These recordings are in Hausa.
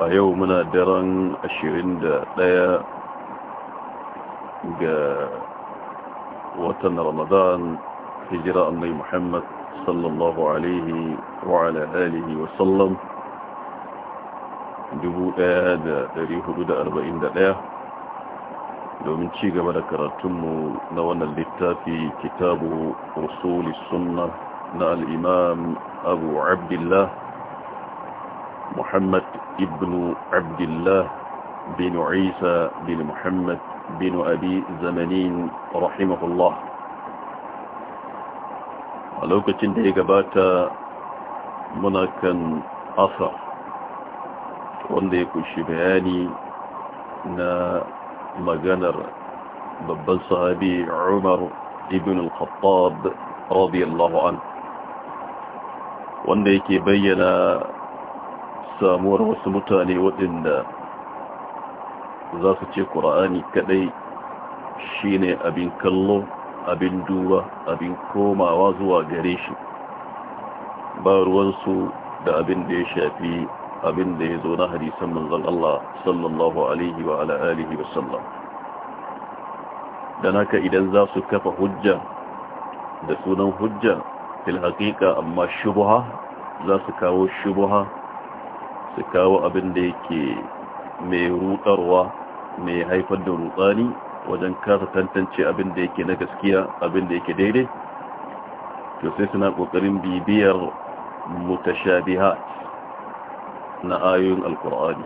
a yau muna daren 21 ga watan ramadan hijira annai muhammad sallallahu alaihi wa ala alihi wa sallam 1441 domin ci gaba da karatunmu na wannan littafi kitabu usuli sunna na al'imam abu abdullah محمد ابن عبد الله بن عيسى بن محمد بن أبي زمنين رحمه الله ولو كنت إجابات منك أثر وانديك الشبهاني نا مغنر ببن صحابي عمر ابن الخطاب رضي الله عنه وانديك بينا samuwar wasu mutane waɗanda za su ce ƙura'ani kaɗai shine abin kallo abin duba abin komawa zuwa gare shi ba ruwansu da abin da ya shafi abin da ya zo na hadisan manzan Allah sallallahu alaihi wa ala'alihi haka idan za su kafa hujja da sunan hujja fil haƙiƙa amma shubuha za su kawo shubuha su kawo abin da yake mai rutarwa mai haifar da rutsani wajen kasa tantance abin da yake na gaskiya abin da yake daidai to sai suna kokarin bibiyar mutashabihat na ayoyin alkur'ani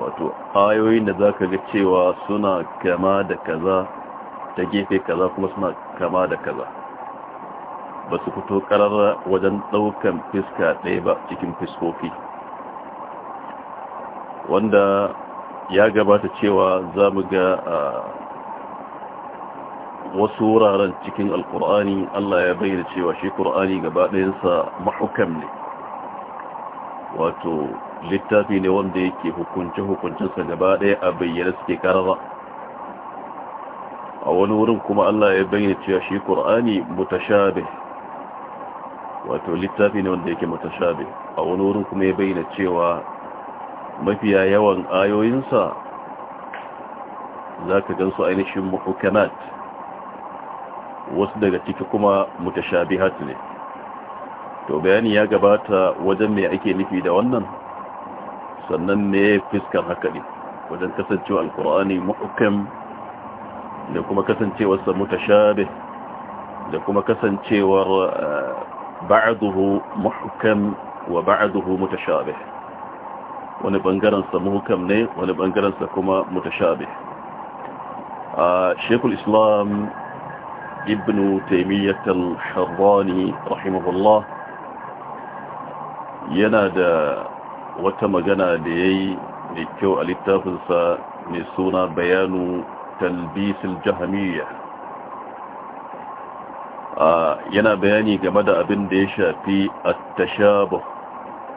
wato ayoyin da zaka ga cewa suna kama da kaza ta gefe kaza kuma suna kama da kaza ba su fito ƙarar wajen ɗaukan fiska ɗaya ba cikin fiskofi wanda ya gabata cewa za mu ga wasu wuraren cikin alkur'ani Allah ya bayyana cewa shi kur'ani gaba ɗayansa mahukam ne wato littafi ne wanda yake hukunce hukuncinsa gaba ɗaya a bayyana suke karara a wani wurin kuma Allah ya bayyana cewa shi kur'ani mutashabe wato littafi ne wanda yake mutashabe a wani wurin kuma ya bayyana cewa mafiya yawan ayoyinsa za ka gan su ainihin mahukamat wasu daga ciki kuma mutashabihat ne to bayani ya gabata wajen me ake nufi da wannan sannan ne fiskar haka ne wajen kasancewa alkur'ani muhukam da kuma kasancewarsa mutashabih da kuma kasancewar eh, ba'aduhu mahukam wa ba'aduhu mutashabih wani bangaren sa muhkam ne wani bangaren sa kuma mutashabih a shekul islam ibn taymiyyah al-sharrani rahimahullah yana da wata magana da yayi da kyau a littafin sa mai suna bayanu talbis talbisil jahamiyya yana bayani game da abin da ya shafi at-tashabuh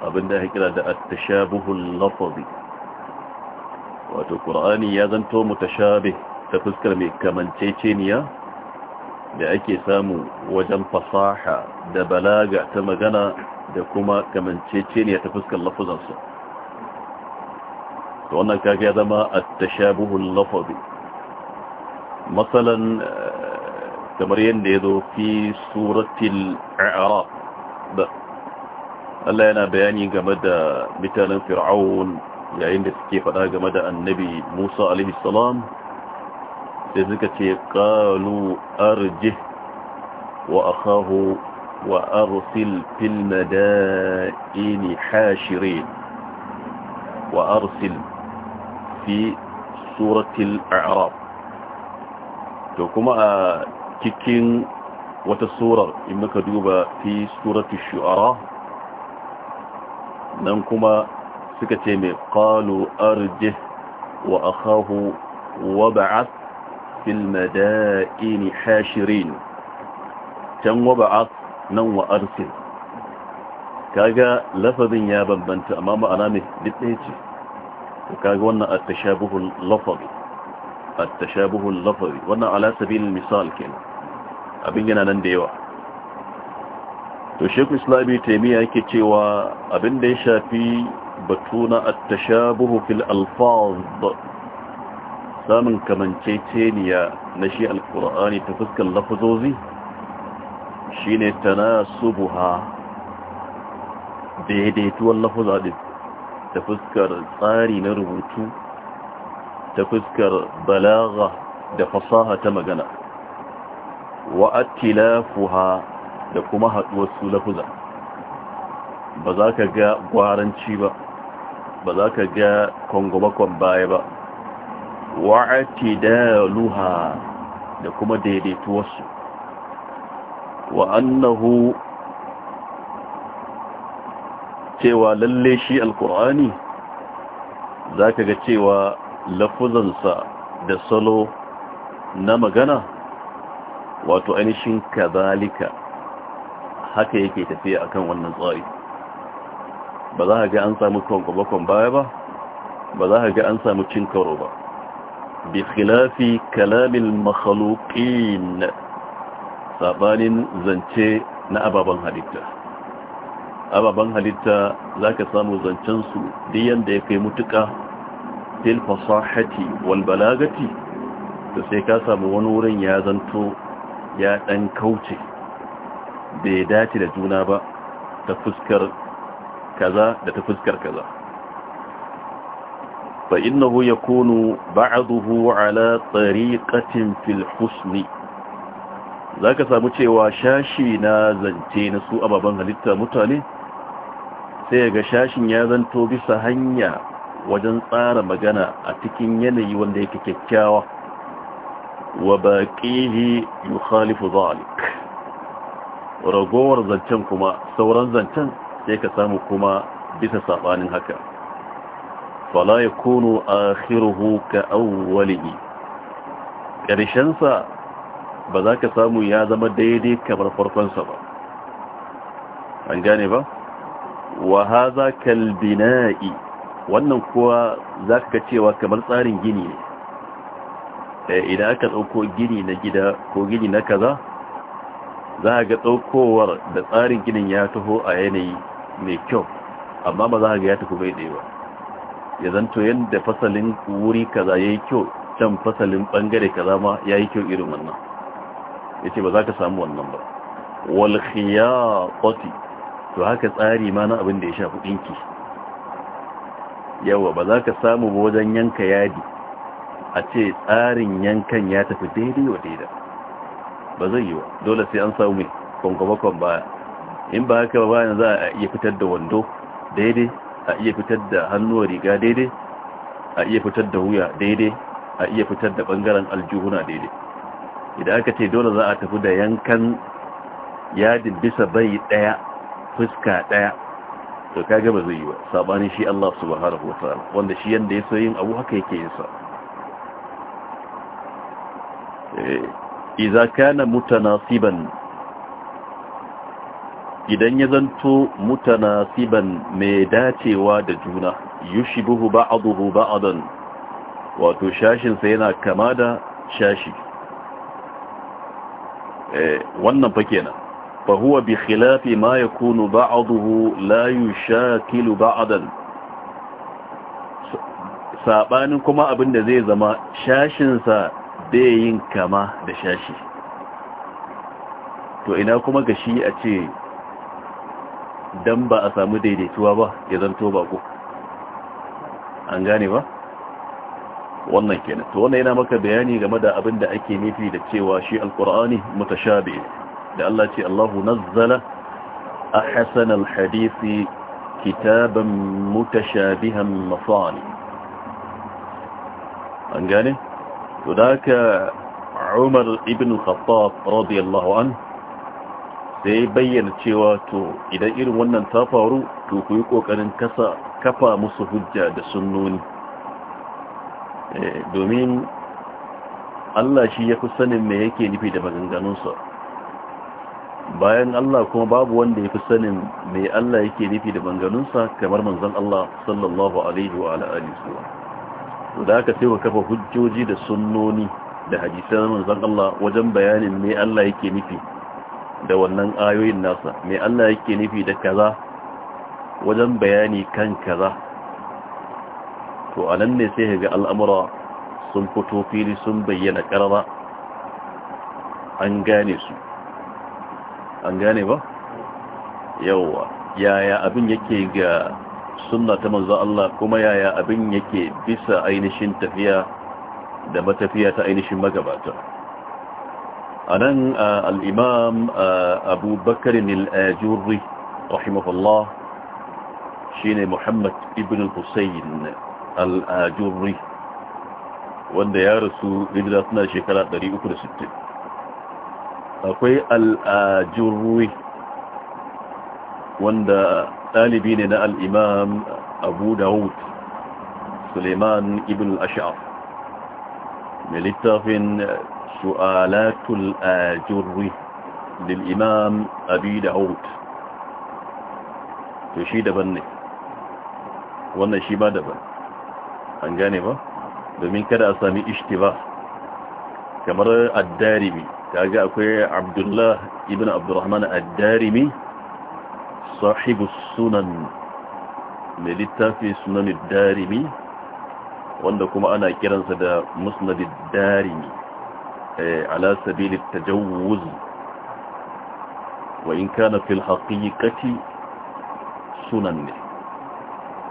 abinda ya kira da at-tashabuhul lafzi wato qur'ani ya zanto mutashabih ta fuskar mai kamanceceniya da ake samu wajen fasaha da balaga ta magana da kuma kamanceceniya ta fuskar lafuzansa to wannan kaga ya zama at-tashabuhul lafzi masalan eh, kamar yadda ya zo fi suratul a'raf Allah yana bayani game da mutanen fir'aun yayin da suke faɗa game da annabi musa alaihissalam sai suka ce ƙalu arje wa akhahu wa arsil fil madaini hashirin wa arsil fi suratil arab to kuma a cikin wata surar in muka duba fi suratul shu'ara nan kuma suka ce mai qalu arjih wa akhahu wa ba'ath fil madaini hashirin can wa ba'ath nan wa arsil kaga lafazin ya bambanta amma ma'ana mai duk ɗaya ce kaga wannan attashabuhun lafazi attashabuhun lafazi wannan ala sabilil misal ke abin yana nan da yawa to sheku islami taimiyya yake cewa abin da ya shafi batu na attashabuhu fil alfaz samun kamanceceniya na shi alkur'ani ta fuskan lafazozi shine tanasubuha daidaituwan lafaza ta fuskar tsari na rubutu ta fuskar balaga da fasaha ta magana wa attilafuha da kuma haɗuwar su lafuza ba za ka ga gwaranci ba ba za ka ga kwangwamakon baya ba wa'ati da luha da kuma daidaituwarsu wa annahu cewa lalle shi alkur'ani za ka ga cewa lafuzansa da salo na magana wato ainihin kazalika haka yake tafiya akan wannan tsari ba za a ga an samu kwankwabakon baya ba ba za a ga an samu cin karo ba bi khilafi kalamin makhluqin sabanin zance na ababen halitta ababen halitta za ka samu zancensu duk yadda ya kai mutuka til fasahati wal balagati to sai ka samu wani wurin ya zanto ya dan kauce bai dace da juna ba ta fuskar kaza da ta fuskar kaza fa innahu yakunu ba'dahu ala tariqatin fil husni zaka samu cewa shashi na zance na su ababan halitta mutane sai ga shashin ya zanto bisa hanya wajen tsara magana a cikin yanayi wanda yake kyakkyawa wa baqihi yukhalifu dhalik ragowar zancen kuma sauran zancen sai ka samu kuma bisa sabanin haka fala yakunu akhiruhu ka awwalihi karshen sa ba za ka samu ya zama daidai kamar farkon sa ba an gane ba wa hadha kal bina'i wannan kuwa za ka cewa kamar tsarin gini ne Eh, idan aka dauko gini na gida ko gini na kaza za a ga ɗaukowar da tsarin ginin ya taho a yanayi mai kyau amma ba za a ga ya tafi bai ɗaya ba ya zanto yadda fasalin wuri kaza ya yi kyau can fasalin ɓangare kaza ma ya yi kyau irin wannan ya ce ba za ka samu wannan ba walhiya Kwati! to haka tsari ma na abin da ya shafi ɗinki yawa ba za ka samu wajen yanka yadi a ce tsarin yankan ya tafi daidai wa daidai ba zai yi ba dole sai an samu kwankwabakon baya in ba haka ba za a iya fitar da wando daidai a iya fitar da hannuwa riga daidai a iya fitar da wuya daidai a iya fitar da bangaren aljuhuna daidai idan aka ce dole za a tafi da yankan yadin bisa bai daya fuska daya to kaga ba zai yi ba sabanin shi Allah subhanahu wataala wanda shi yanda ya so yin abu haka yake yin eh. iza kana mutanasiban idan ya zanto mutanasiban mai dacewa da juna yushibuhu ba'dahu ba'dan wato shashin sa yana kama da shashi eh wannan fa kenan fa huwa bi khilafi ma yakunu ba'dahu la yushakilu ba'dan sabanin kuma abinda zai zama shashin sa bai yin kama da shashi to ina kuma ga shi a ce don ba a samu daidaituwa ba ya zanto ku an gane ba wannan kenan to wannan yana maka bayani game da abin da ake nufi da cewa shi alkur'ani mutashabi da Allah ce Allahu nazzala ahsan alhadisi kitaban mutashabihan mafani an gane to da haka umar ibn khattab radiyallahu an sai bayyana cewa to idan irin wannan ta faru to kuyi yi kokarin kasa kafa musu hujja da sunnoni domin Allah shi ya fi sanin me yake nufi da maganganunsa bayan Allah kuma babu wanda ya fi sanin me Allah yake nufi da maganganunsa kamar manzon Allah sallallahu alaihi wa alihi wasallam da aka sai kafa hujjoji da sunnoni da hadisan manzon Allah wajen bayanin me Allah yake nufi da wannan ayoyin nasa me Allah yake nufi da kaza wajen bayani kan kaza to anan ne sai ga al'amura sun fito fili sun bayyana karara an gane su an gane ba yawa yaya abin yake ga sunna ta manzo Allah kuma yaya abin yake bisa ainihin tafiya da matafiya ta ainihin magabata a nan al'imam abu bakarin al'ajurri rahimahullah shi ne muhammad ibn al-hussein al'ajurri wanda ya rasu lidira suna shekara 360 akwai al'ajurri wanda ɗalibi ne na al'imam abu dawud suleiman ibn al'ash'af mai littafin eh, su'alatul ajurri lil'imam Abu dawud to shi daban ne wannan shi ba daban an gane ba domin kada a sami ishti ba. kamar addarimi ga akwai abdullah ibn abdurrahman addarimi sahibu sunan mai littafi sunanin darimi wanda kuma ana kiransa da musnadin darimi ala sabilin tajawuz wa in kana fil haqiqati sunan ne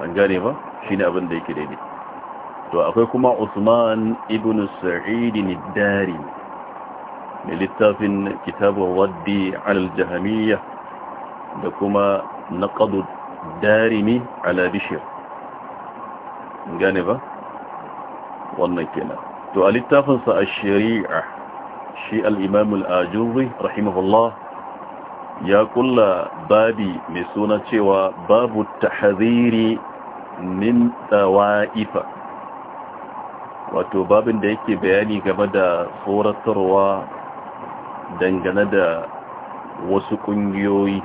an gane ba shine abin da yake daidai to akwai kuma Usman ibn Sa'id al-Dari ne littafin kitabu Waddi al-Jahmiyah da kuma naqadu darimi a labishir gane ba wannan kenan to a littafinsa a shari'a shi al-imam ajuri rahimahullah ya kulla babi mai suna cewa babu haziri min tawa'ifa wato babin da yake bayani game da tsoratarwa dangane da wasu kungiyoyi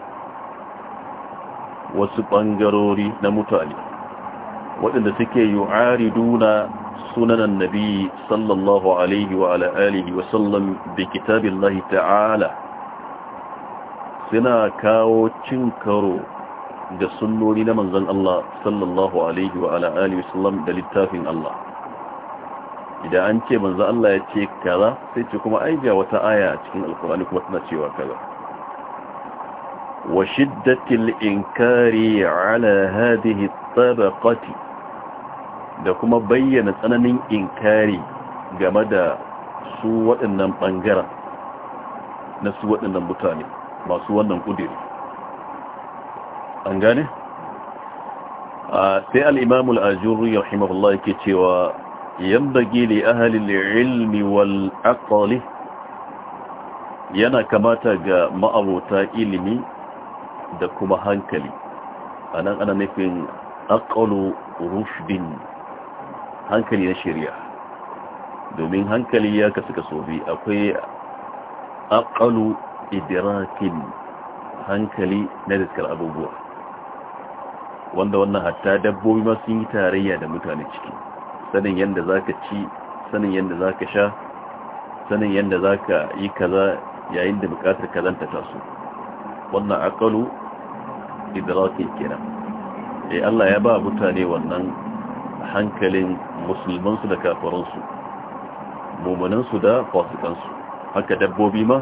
wasu ɓangarori na mutane waɗanda suke yu'ari duna sunanan nabi sallallahu alaihi wa ala'alihi wa sallam da kitabin lahi ta'ala suna kawo cin karo da sunori na manzan Allah sallallahu alaihi wa ala'alihi sallam da littafin Allah idan an ce manzan Allah ya ce kaza sai ce kuma aibiya wata aya cikin alkurani kuma tana cewa kaza وشدة الإنكار على هذه الطبقة لكما بيّن سنن إنكاري جمد سوء أنم أنجرة نسوء أنم متاني ما سوء أنم قدير أنجاني سيء الإمام الأجوري رحمه الله كتوى ينبغي لأهل العلم والعقل yana kamata ga ma'abota ilimi da kuma hankali a nan ana nufin akalu rufin hankali na shari'a domin hankali ya kasu kaso biyu akwai akalu idirakin hankali na diskar abubuwa wanda wannan hatta dabbobi ma sun yi tarayya da mutane ciki sanin yadda za ka ci sanin yadda za ka sha sanin yadda za ka yi kaza yayin da bukatar kazanta taso wannan akalu idrakin kenan eh Allah ya ba mutane wannan hankalin musulmansu da kafiransu mumunansu da fasikansu haka dabbobi ma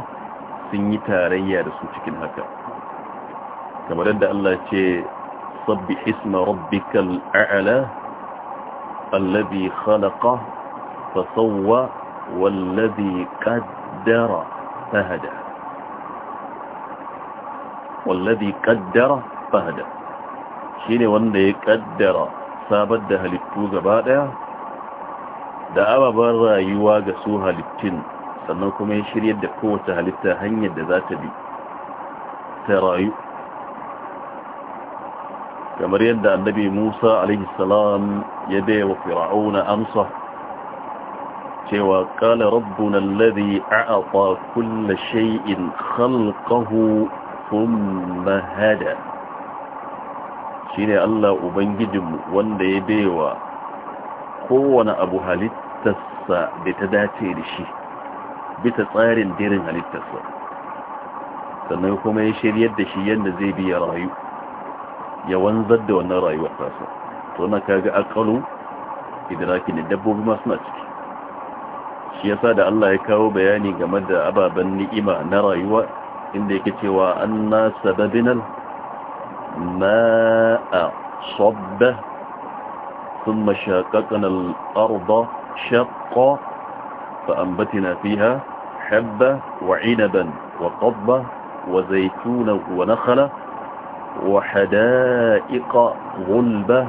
sun yi tarayya da su cikin haka kamar yadda Allah ce sabbi isma rabbikal a'la alladhi khalaqa fa sawwa والذي قدر والذي قدر fahada shine wanda ya kaddara sabar da halittu gaba daya da ababen rayuwa ga su halittun sannan kuma ya shirya da kowace halitta hanyar da za ta bi ta rayu kamar yadda annabi musa alaihissalam ya bai wa fir'auna amsa cewa kala rabbuna alladhi a'ata kulla shay'in khalqahu thumma hada shine Allah ubangijinmu wanda ya baiwa kowane abu halittarsa da ta dace da shi bisa tsarin dirin halittarsa sannan kuma ya shiryar da shi yadda zai biya rayu ya wanzar da wannan rayuwar kasa, to na kaga akalu idraki ne dabbobi ma suna ciki shi yasa da Allah ya kawo bayani game da ababen ni'ima na rayuwa inda yake cewa anna sababinal ma صب ثم شاككنا الأرض شق فأنبتنا فيها حبة وعنبا وقضبة وزيتون ونخلة وحدائق غلبة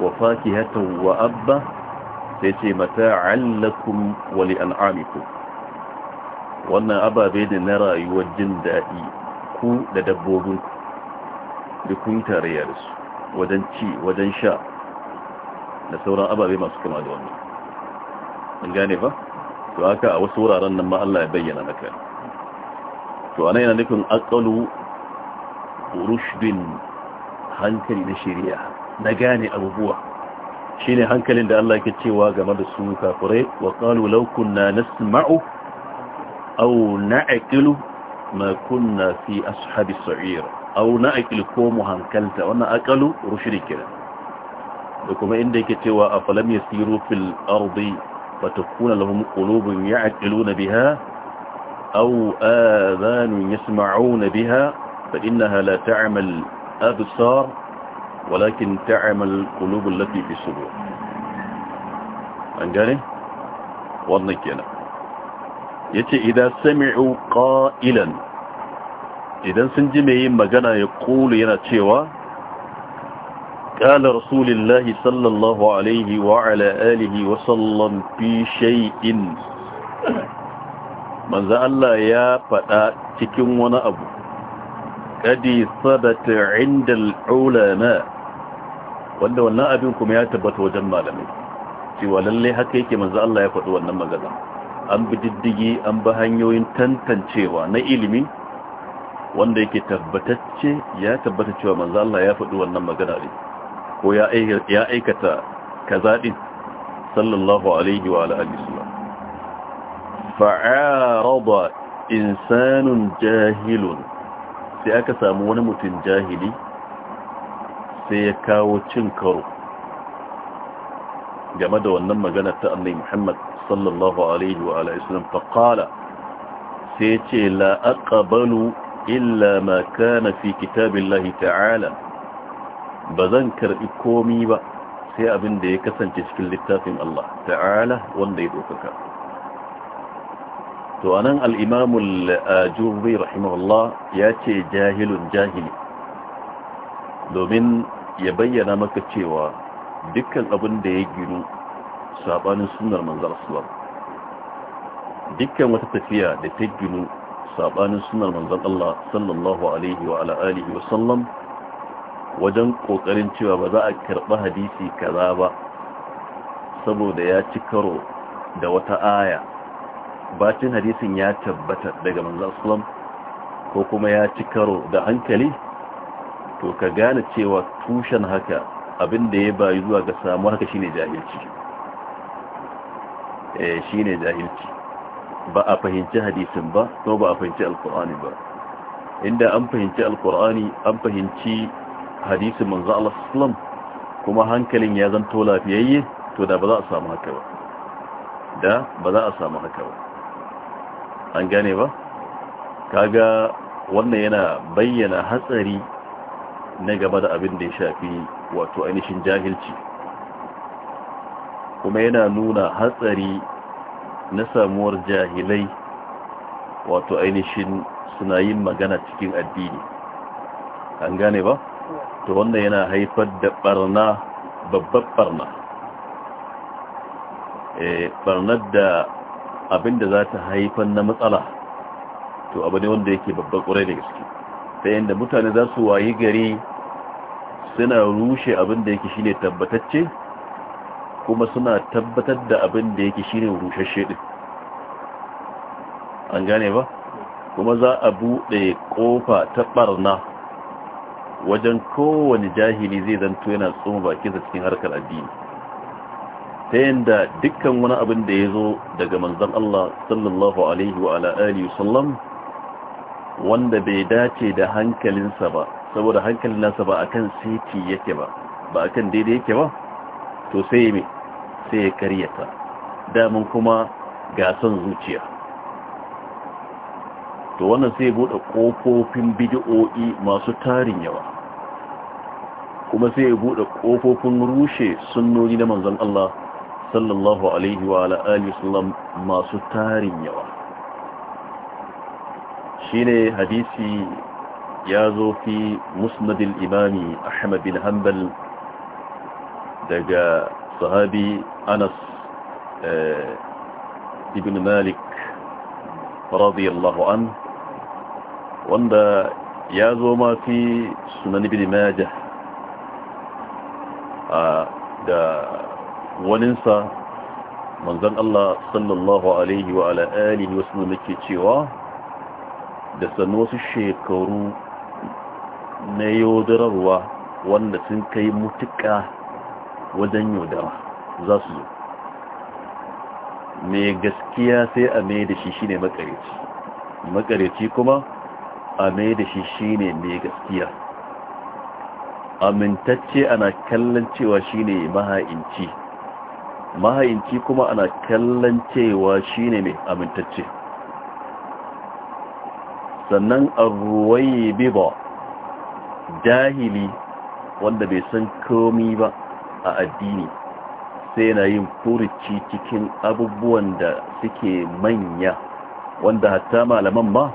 وفاكهة وأبة سيتي متاعا لكم ولأنعامكم وانا أبا بيد نرى rayuwar دائي كو لدبوه لكم تاريارسو wajen ci wajen sha da sauran ababe masu kama da wannan an gane ba to haka a wasu wuraren nan ma Allah ya bayyana maka to anan yana nufin aqalu rushdin hankali na shari'a na gane abubuwa shine hankalin da Allah yake cewa game da su kafirai wa qalu law kunna nasma'u aw na'qilu ma kunna fi ashabis sa'ir au na akil ko mu hankalta wannan akalu rushiri kira da kuma inda yake cewa a falam yasiru fil ardi fatakuna lahum qulubun ya'qiluna biha أو آذان يسمعون بها فإنها لا تعمل أبصار ولكن تعمل القلوب التي في الصدور أنجاني وضنك هنا يتي إذا سمعوا قائلا idan sun ji mai magana ya kulu yana cewa ƙala rasulillahi sallallahu alaihi wa ala alihi wa sallam fi shay'in Manza Allah ya faɗa cikin wani abu kadi sadata inda al'ulama wanda wannan abin kuma ya tabbata wajen malamai cewa lalle haka yake manza Allah ya faɗi wannan magana an bi diddigi an bi hanyoyin tantancewa na ilimi wanda yake tabbatacce ya tabbata cewa manzo Allah ya faɗi wannan magana ne ko ya aikata kaza din sallallahu alaihi wa alihi wasallam fa'arada insanun jahilun sai aka samu wani mutum jahili sai ya kawo cin karo game da wannan magana ta annai Muhammad sallallahu alaihi wa alihi wasallam faqala sai ce la aqbalu illa ma kana fi kitabillahi ta'ala ba zan karɓi komi ba sai abinda ya kasance cikin littafin Allah ta'ala wanda ya dokaka to anan al-imamul ajurri rahimahullah ya ce jahilun jahili domin ya bayyana maka cewa dukkan abin da ya ginu sabanin sunnar manzon Allah dukkan wata tafiya da ta ginu sabanin sunar manzon Allah sallallahu alaihi wa ala wa sallam wajen kokarin cewa ba za a karba hadisi kaza ba saboda ya ci karo da wata aya bacin hadisin ya tabbata daga manzon sallam ko kuma ya ci karo da hankali to ka gane cewa tushen haka abinda ya bayu zuwa ga samu haka shine jahilci eh shine jahilci ba a fahimci hadisin ba kuma ba a fahimci alkur'ani ba inda an fahimci alkur'ani an fahimci hadisin manzo Allah sallam kuma hankalin ya zanto lafiyayye to da ba za a samu haka ba da ba za a samu haka ba an gane ba kaga wannan yana bayyana hatsari na gaba da abin da ya shafi wato ainihin jahilci kuma yana nuna hatsari na samuwar jahilai wato ainihin suna yin magana cikin addini an gane ba to wannan yana haifar da barna babbar barna eh barnar da abinda za ta haifar na matsala to abu ne wanda yake babbar ƙurai da gaske ta yadda mutane za su wayi gari suna rushe abinda yake shine tabbatacce kuma suna tabbatar da abin da yake shine rushashe din an gane ba kuma za a buɗe ƙofa ta ɓarna wajen kowane jahili zai zanto yana tsoma da cikin harkar addini ta yadda dukkan wani abin da ya zo daga manzan Allah sallallahu alaihi wa ala'ari sallam wanda bai dace da hankalinsa ba saboda hankalin nasa ba akan seti yake ba ba akan daidai yake ba to sai mai sai ya karyata damin kuma ga son zuciya to wannan sai bude kofofin bid'o'i masu tarin yawa kuma sai ya bude kofofin rushe sunnoni na manzon Allah sallallahu alaihi wa ala alihi masu tarin yawa shine hadisi ya zo fi musnadil imami ahmad bin hanbal daga sahabi anas ibn malik radiyallahu an wanda ya zo ma fi sunan ibn majah da waninsa manzon Allah sallallahu alaihi wa ala alihi wasallam cewa da sannu wasu shekaru na yodararwa wanda sun kai mutuka wajen yaudara za su zo mai gaskiya sai a mai da shi shine makareci makareci kuma a mai da shi shine mai gaskiya amintacce ana kallon cewa shine maha'inci maha'inci kuma ana kallon cewa shine mai amintacce sannan ruwaye biba jahili wanda bai san komi ba a addini sai yana yin furici cikin abubuwan da suke manya wanda hatta malaman ma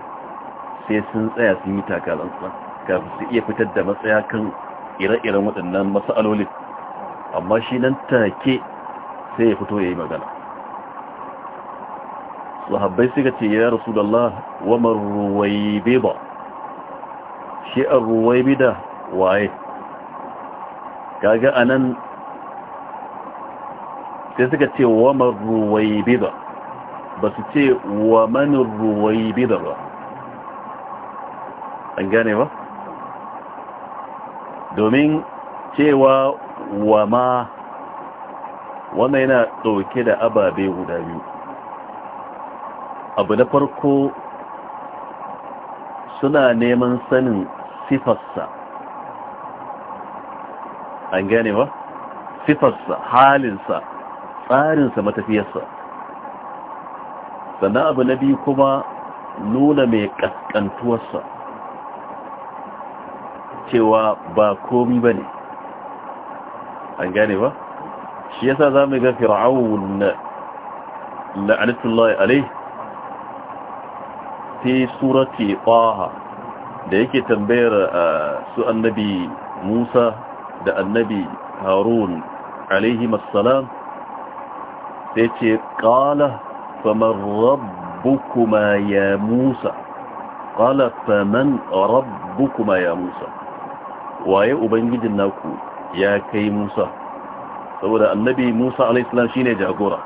sai sun tsaya sun yi takalansa kafin su iya fitar da matsaya kan ire-iren waɗannan matsalolin amma shi nan take sai ya fito ya yi magana habbai suka ce ya rasu da Allah wamar ruwaibe ba shi a ruwaibe da waye kaga anan sai suka ce wa marruwai bida ba su ce wa manin ruwai bida ba an gane ba domin cewa wa ma wannan yana ɗauke da ababe guda biyu abu na farko suna neman sanin sifarsa an gane ba sifarsa halinsa tsarinsa matafiyarsa sannan abu na biyu kuma nuna mai ƙasƙantuwarsa cewa ba komi ba ne an gane ba shi yasa za mu ga fir'aun la'anatullahi alai sai surati qaha da yake tambayar uh, su annabi Musa da annabi Harun alaihi sai ce ƙala faman rabbukuma ya musa qala faman rabbukuma ya musa waye ubangijin naku ya kai musa saboda annabi musa alaihissalam shine jagora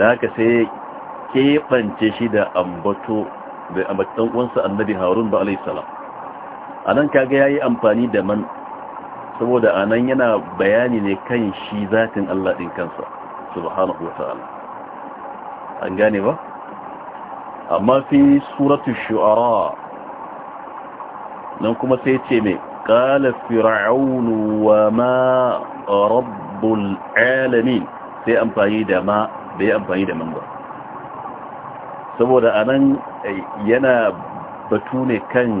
da haka sai kefance shi da ambato da ambatan uwansa annabi harun ba alaihissalam a nan kaga ya yi amfani da man saboda a nan yana bayani ne kan shi zatin allah ɗin kansa subhanahu wata'ala an gane ba amma fi suratu shu'ara nan kuma sai ce mai qala fir'aunu wa ma rabbul alamin sai amfani da ma bai amfani da man ba saboda anan eh, yana batu ne kan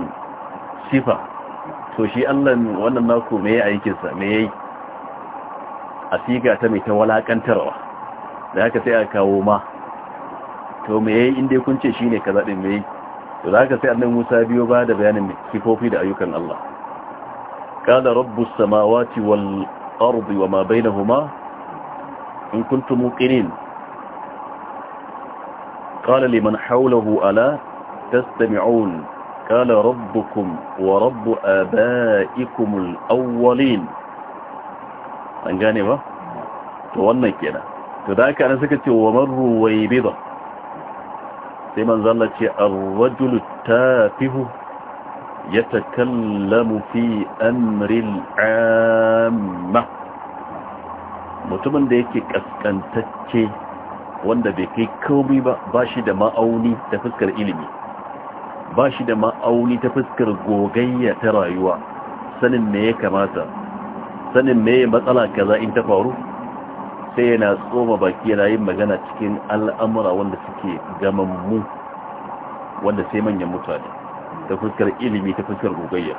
sifa to shi Allah wannan naku me yake aikinsa me yayi asiga ta mai ta walakantarwa da haka sai a kawo ma to me yayi inda kun ce shine kaza din me to da haka sai annabi Musa biyo ba da bayanin kifofi da ayyukan Allah qala rabbus samawati wal ardi wama bainahuma in kuntum muqinin qala liman hawlahu ala tastami'un rabbukum wa rabb abaikumul awwalin an gane ba to wannan kenan to da aka ana suka ce wa marru wai bida sai man zalla ce ar-rajulu tafihu yatakallamu fi amril amma mutumin da yake kaskantacce wanda bai kai komai ba ba shi da ma'auni ta fuskar ilimi ba shi da ma'auni ta fuskar gogayya ta rayuwa sanin me ya kamata sanin me ya matsala kaza in ta faru sai yana tsoma baki yana yin magana cikin al'amura wanda suke gaman mu wanda sai manyan mutane ta fuskar ilimi ta fuskar gogayya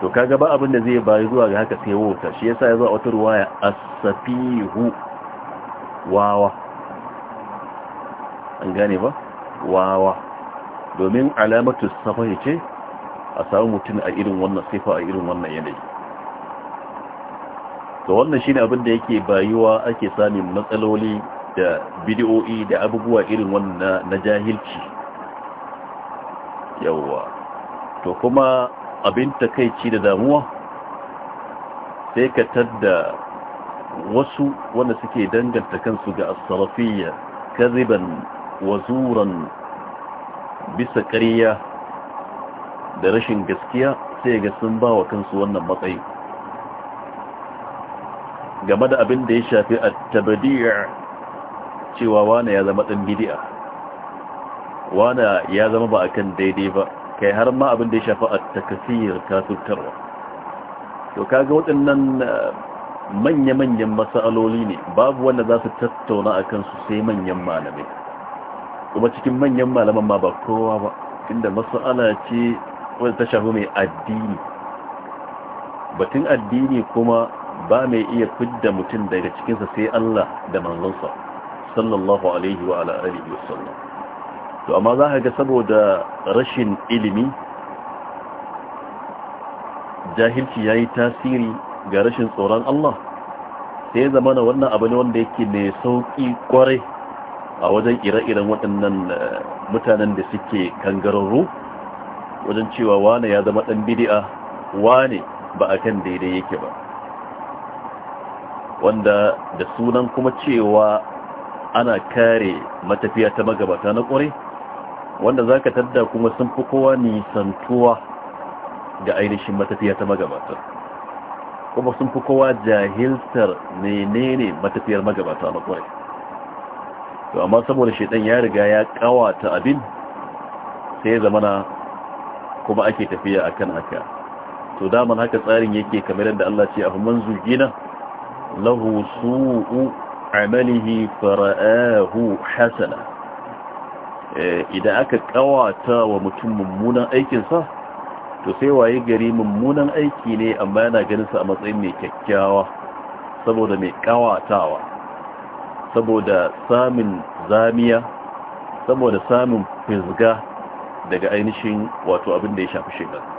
to ka ba abin da zai bayi zuwa ga haka sai wauta shi yasa ya zo a wata ruwaya hu? wawa an gane ba wawa domin alamatu safai ce a samu mutum a irin wannan sifa a irin wannan yanayi to wannan shine abin da yake bayuwa ake samun matsaloli da bidiyo'i da abubuwa irin wannan na jahilci yawwa to kuma abin takeici da damuwa sai ka tadda wasu wanda suke danganta kansu ga as-salafiyya kaziban wazuran bisa karya da rashin gaskiya sai ga sun ba wa kansu wannan matsayi game da abin da ya shafi a tabadiyar cewa wane ya zama ɗan bidiya wane ya zama ba a kan daidai ba kai har ma abin da ya shafi a takasiyar kafirtarwa to kaga waɗannan eh, manya-manyan masaloli ne babu wanda za su tattauna a kansu sai manyan malamai kuma cikin manyan malaman ma ba kowa ba inda masala ce wadda ta shafi mai addini batun addini kuma ba mai iya fidda mutum daga cikinsa sai Allah da manzonsa sallallahu alaihi wa ala alihi sallam to amma za ka ga saboda rashin ilimi jahilci yayi tasiri ga rashin tsoron Allah sai zama na wannan abu ne wanda yake mai sauki kwarai a wajen ire-iren waɗannan eh, mutanen da suke kangararru wajen cewa wane ya zama ɗan bidi'a wane ba a kan daidai yake ba wanda da sunan kuma cewa ana kare matafiya ta magabata na ƙure wanda za ka tadda kuma sun fi kowa nisantuwa ga ainihin matafiya ta magabata kuma sun fi kowa jahiltar menene matafiyar magabata na ƙure to amma saboda shaidan ya riga ya kawata abin sai ya zamana kuma ake tafiya akan haka to daman haka tsarin yake kamar yadda Allah ce abu man zugina له سوء عمله فرآه حسنا إذا أكد قواتا ومتم ممونا أيكنسا تسيوا يقري ممونا أيكيني أما أنا جنسا أما ككاوا saboda mai kawatawa saboda samun zamiya saboda samun fizga daga ainihin wato abin أبن ديشا في shigar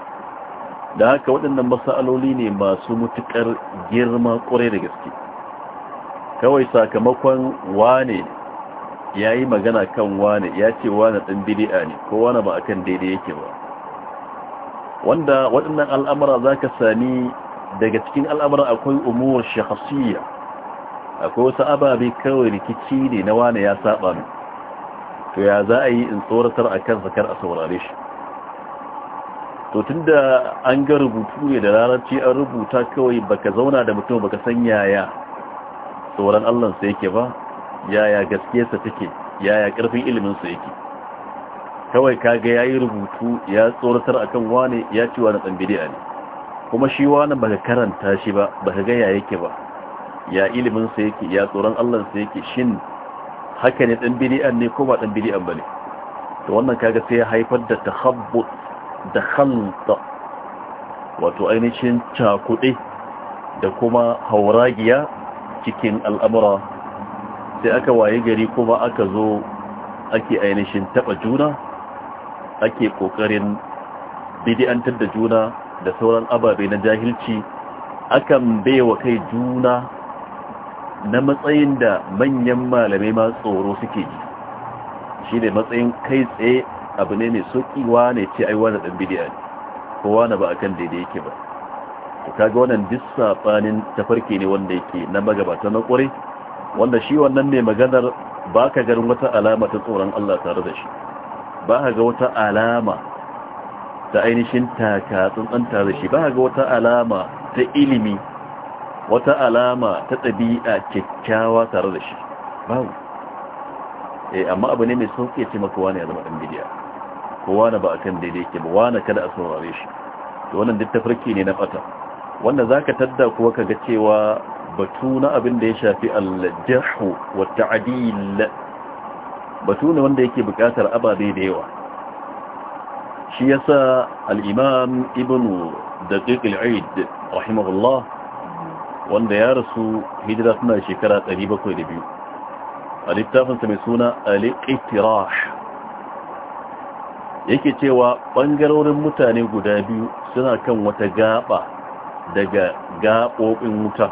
da haka waɗannan matsaloli ne masu mutuƙar girma ƙwarai da gaske kawai sakamakon wane ya yi magana kan wane ya ce wane ɗin bidi'a ne ko wane ba akan daidai yake ba wanda waɗannan al'amura za ka sami daga cikin al'amura akwai umuwar shahasiyya akwai wasu ababe kawai rikici ne na wane ya saba ne to ya za a yi in tsoratar a kan zakar a saurare shi to tunda an ga rubutu ne da ce an rubuta kawai baka zauna da mutum baka san yaya tsoron allon sai yake ba yaya sa take yaya karfin ilimin sa yake kawai kaga yi rubutu ya tsoratar akan wane ya ci wani tsambiriya ne kuma shi wani baka karanta shi ba baka ga ya yake ba ya ilimin sa yake ya tsoron allon sa yake shin haka ne tsambiriyan ne ko ba tsambiriyan bane to wannan kaga sai ya haifar da tahabbut da khalta wato ainihin cakuɗe da kuma hauragiya cikin al'amura sai aka waye gari kuma aka zo ake ainihin taɓa juna ake ƙoƙarin bidiyantar da juna da sauran ababe na jahilci akan baiwa kai juna na matsayin da manyan malamai ma tsoro suke ji shi ne matsayin kai tsaye abu ne mai sauki wane ce ai wane dan bidiya ne ko wane ba akan daidai yake ba to kaga wannan duk sabanin tafarki ne wanda yake na magabata na kore wanda shi wannan mai maganar baka garin wata alama ta tsoron Allah tare da shi ba ka ga wata alama ta ainihin taka tsantsan tare da shi ba ka ga wata alama ta ilimi wata alama ta ɗabi'a kyakkyawa tare da shi Ba Eh, amma abu ne mai sauƙi ya ce maka wani ya zama ɗan bidiya. ko wani ba kan daidai ke ba wani kada a saurare shi to wannan duk tafarki ne na fata wanda zaka tadda kuwa kaga cewa batu na abin da ya shafi al wa ta'dil batu ne wanda yake bukatar ababe da yawa shi yasa al-imam ibn daqiq al-aid rahimahullah wanda ya rasu hijira suna shekara 702 a littafinsa mai suna al yake cewa ɓangarorin mutane guda biyu suna kan wata gaba daga gaɓoɓin wuta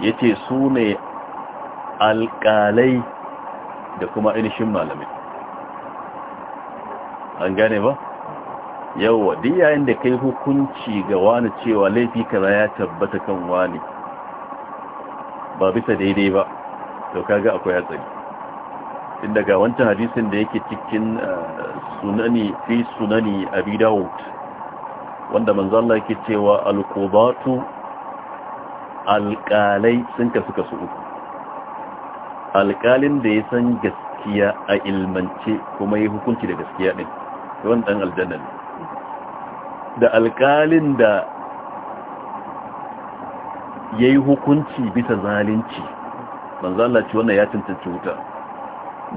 ya ce su ne alƙalai da kuma ainihin malamai an gane ba yawwa duk yayin da kai hukunci ga wani cewa laifi kaza ya tabbata kan wani ba bisa daidai ba to kaga akwai hatsari inda daga wancan hadisin da yake cikin uh, sunani fi sunani abi dawud wanda manzo Allah yake cewa alqubatu alqalai sun ka suka su uku alqalin da ya san gaskiya a ilmance kuma yi hukunci da gaskiya din yawan ɗan aljanna da alqalin da yayi hukunci bisa zalunci manzo Allah ce wannan ya tantance wuta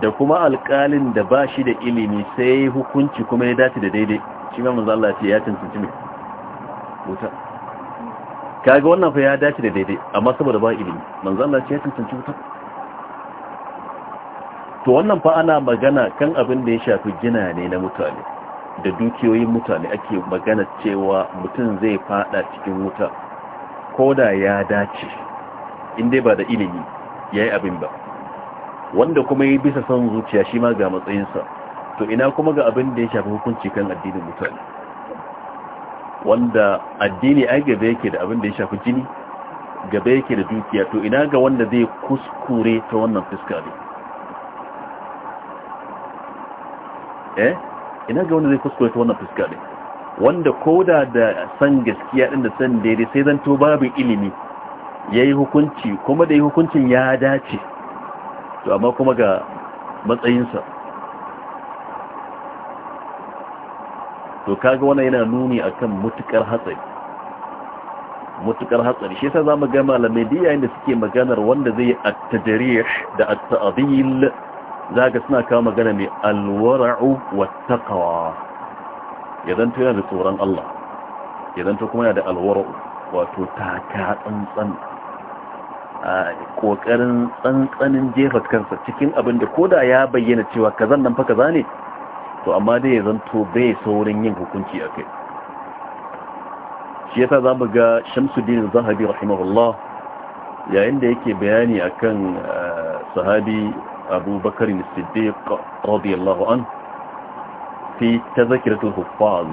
da kuma alƙalin da ba shi da ilimi sai hukunci kuma ya dace da daidai shi ma manzo Allah ce ya cancanci mai wuta kaga wannan fa ya dace da daidai amma saboda ba ilimi manzo Allah ce ya cancanci wuta to wannan fa ana magana kan abin da ya shafi gina ne na mutane da dukiyoyin mutane ake magana cewa mutum zai fada cikin wuta koda ya dace in dai ba da ilimi yayi abin ba wanda kuma yi bisa son zuciya shi ma ga matsayinsa to ina kuma ga abin da ya shafi hukunci kan addinin mutane wanda addini ai gaba yake da abin da ya shafi jini gaba yake da dukiya to ina ga wanda zai kuskure ta wannan fuska ne eh ina ga wanda zai kuskure ta wannan fuska ne wanda koda da san gaskiya din da san daidai sai zan to babu ilimi yayi hukunci kuma da yi hukuncin ya dace to amma kuma ga matsayinsa to kaga wannan yana nuni akan mutukar hatsari mutukar hatsari shi yasa zamu ga malamai da yayin da suke maganar wanda zai at tadrir da at-ta'dil zaka suna kawo magana mai al-wara'u wat-taqwa yadan to yana da tsoron Allah yadan to kuma yana da al-wara'u wato taka tsantsan kokarin tsantsanin jefa kansa cikin abin da koda ya bayyana cewa kazan nan fa kaza ne to amma dai ya zanto bai saurin yin hukunci a kai shi yasa za mu ga shamsuddin zahabi rahimahullah yayin da yake bayani akan sahabi abubakar siddiq radiyallahu an fi tazakiratul huffaz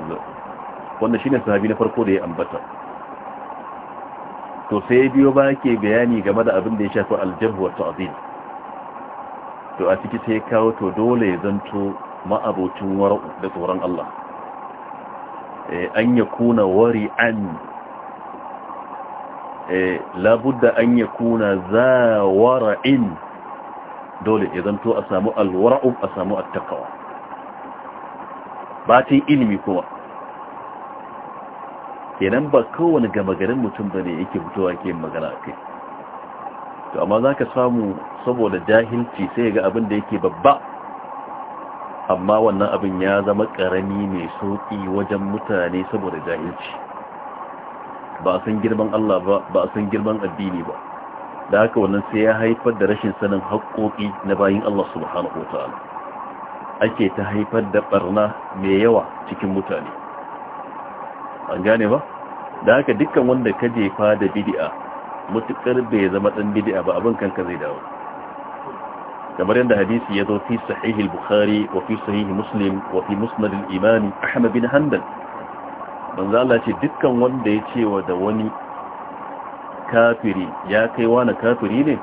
wannan shine sahabi na farko da ya ambata to sai biyo ba ke bayani game da abin da ya shafi aljabu wa abin. to a ciki sai kawo to dole ya zanto ma'abocin wara'u da tsoron Allah eh, an ya kuna wari an eh, labudda an ya kuna za in. dole ya zanto a samu alwara'u a samu attakawa ba ta yi ilimi kuma kenan ba kowane gama garin mutum ba ne yake fitowa ke magana a kai to amma za ka samu saboda jahilci sai ga abin da yake babba amma wannan abin ya zama ƙarami mai sauƙi wajen mutane saboda jahilci ba san girman Allah ba ba san girman addini ba da haka wannan sai ya haifar da rashin sanin haƙƙoƙi na bayin Allah subhanahu wa ta'ala ake ta haifar da barna mai yawa cikin mutane an gane ba da haka dukkan wanda ka jefa da bid'a mutukar bai zama dan bid'a ba abin kanka zai dawo kamar yadda hadisi ya zo fi sahih al-bukhari wa fi sahih muslim wa fi musnad al-imam ahmad bin hanbal manzo Allah ce dukkan wanda ya ce wa da wani kafiri ya kai wani kafiri ne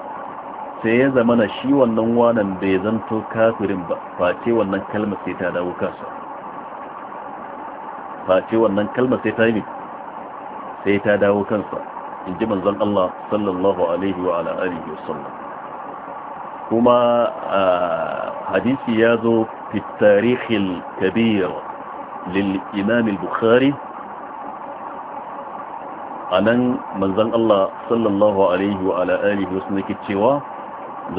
sai ya zama na shi wannan wanan bai zanto kafirin ba face wannan kalmar sai ta dawo kasa face wannan kalmar sai ta yi sai ta dawo kansa in ji manzon Allah sallallahu alaihi wa ala alihi wasallam kuma hadisi ya zo fi tarihil kabir lil imam al-bukhari anan manzon Allah sallallahu alaihi wa ala alihi wasallam ke cewa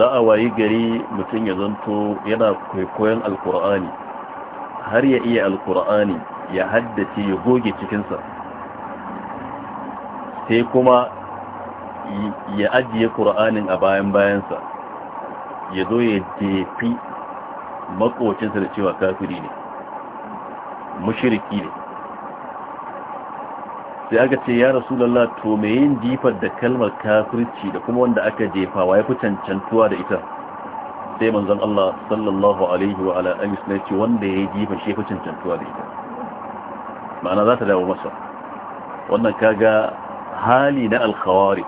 za a wayi gari mutum ya zanto yana kwaikwayon alkur'ani har ya iya alkur'ani ya haddace ya goge cikinsa sai kuma ya ajiye ƙura'anin a bayan bayansa ya zo ya jefi makocinsa da cewa kafiri ne mushiriki ne sai aka ce ya rasulallah to me yin jifar da kalmar kafirci da kuma wanda aka jefawa ya fi cancantuwa da ita sai manzon Allah sallallahu alaihi wa ala na ce wanda ya jifa shi fi cancantuwa da ita ma'ana za ta dawo masa wannan kaga hali na alkhawarij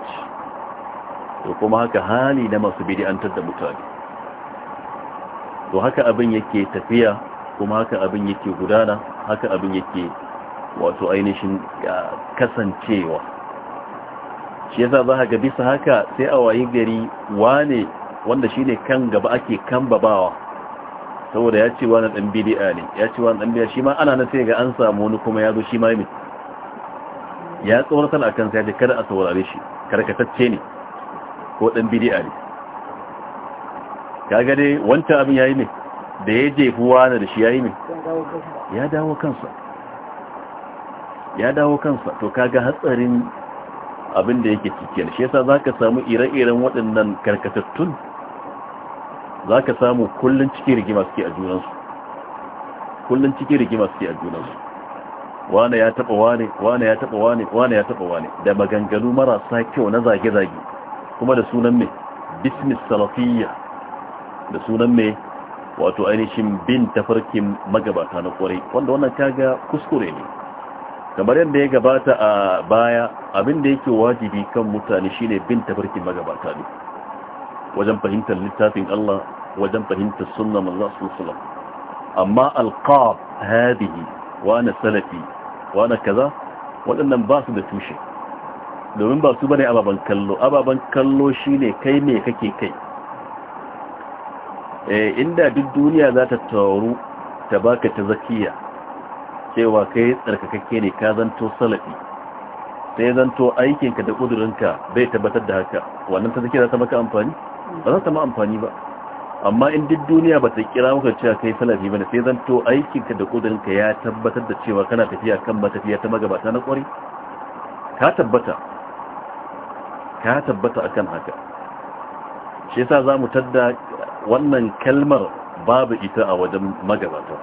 to kuma haka hali na masu bid'antar da mutane to haka abin yake tafiya kuma haka abin yake gudana haka abin yake wato ainihin kasancewa shi yasa za ka bisa haka sai a wayi gari wane wanda shine kan gaba ake kan babawa saboda ya ce wani dan bid'a ne ya ce wani dan bid'a shi ma ana na sai ga an samu wani kuma ya zo shi ma mai ya tsoratar a kansa ya ce kada a saurare shi karkatacce ne ko ɗan bidi'a ne ya gade wancan abin ya yi ne da ya jefu wani da shi ya yi ne ya dawo kansa ya dawo kansa to kaga hatsarin abin da yake cikin shi yasa zaka samu ire-iren waɗannan karkatattun zaka samu kullun cikin rigima suke a junansu kullun cikin rigima suke a junansu wane ya taba wane wane ya taba wane wane ya taba wane da maganganu marasa kyau na zage-zage kuma da sunan mai bismis salafiyya da sunan mai wato ainihin bin tafarkin magabata na kwarai wanda wannan kaga kuskure ne kamar yadda ya gabata a baya abin da yake wajibi kan mutane shine bin tafarkin magabata ne wajen fahimtar littafin Allah wajen fahimtar sunnan Allah sallallahu alaihi wasallam amma alqab hadihi wane salafi wane kaza waɗannan ba su da tushe domin ba su bane ababen kallo ababen kallo shine kai ne kake kai eh, inda duk duniya za ta taru ta baka ta zakiya cewa kai tsarkakakke ne ka zanto salafi sai zanto aikinka da kudurinka bai tabbatar da haka wannan ta zakiya za ta maka amfani ba za ta ma amfani ba amma in duk duniya ba ta kira maka cewa kai salafi bane sai zan to aikinka da ka ya tabbatar da cewa kana tafiya kan matafiya ta magabata na kwari ka tabbata ka tabbata akan haka shi yasa zamu tadda wannan kalmar babu ita a wajen magabata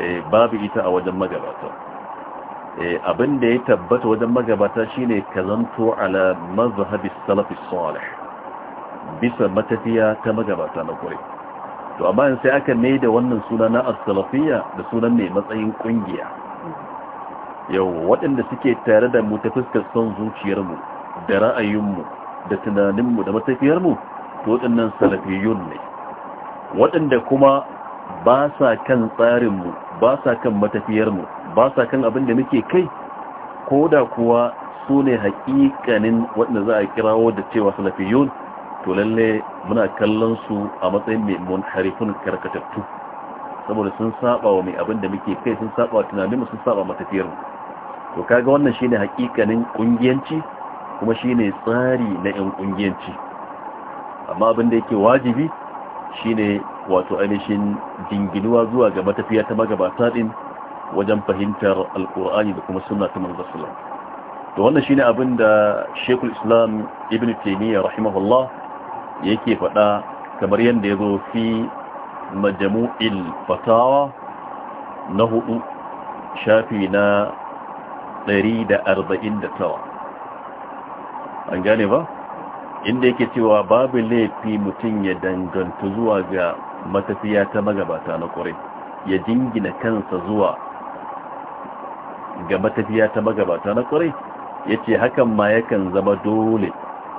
eh babu ita a wajen magabata eh abin da ya tabbata wajen magabata shine kazanto ala mazhabi salafis salih bisa matafiya ta magabata na kure to amma sai aka mai da wannan suna na asalafiya da sunan mai matsayin kungiya yau waɗanda suke tare da mu ta son zuciyarmu da ra'ayinmu da tunaninmu da matafiyarmu to waɗannan salafiyun ne waɗanda kuma ba sa kan tsarinmu ba sa kan matafiyarmu ba sa kan abin da muke kai ko da kuwa su ne haƙiƙanin waɗanda za a kirawo da cewa salafiyun to lalle muna kallon su a matsayin mai munharifun karkatattu saboda sun saba wa mai abin da muke kai sun saba wa tunaninmu sun saba matafiyar to kaga wannan shine hakikanin kungiyanci kuma shine tsari na yan kungiyanci amma abin da yake wajibi shine wato ainihin dinginuwa zuwa ga matafiya ta magabata din wajen fahimtar alkur'ani da kuma sunna ta manzon sallallahu to wannan shine abin da Sheikhul Islam Ibn Taymiyyah rahimahullah yake faɗa kamar yadda ya zo fi majamu'il fatawa na hudu shafi na 149 an gane ba inda yake cewa babu laifi mutum ya danganta zuwa ga matafiya ta magabata na kore ya jingina kansa zuwa ga matafiya ta magabata na kore ya ce hakan ma yakan zama dole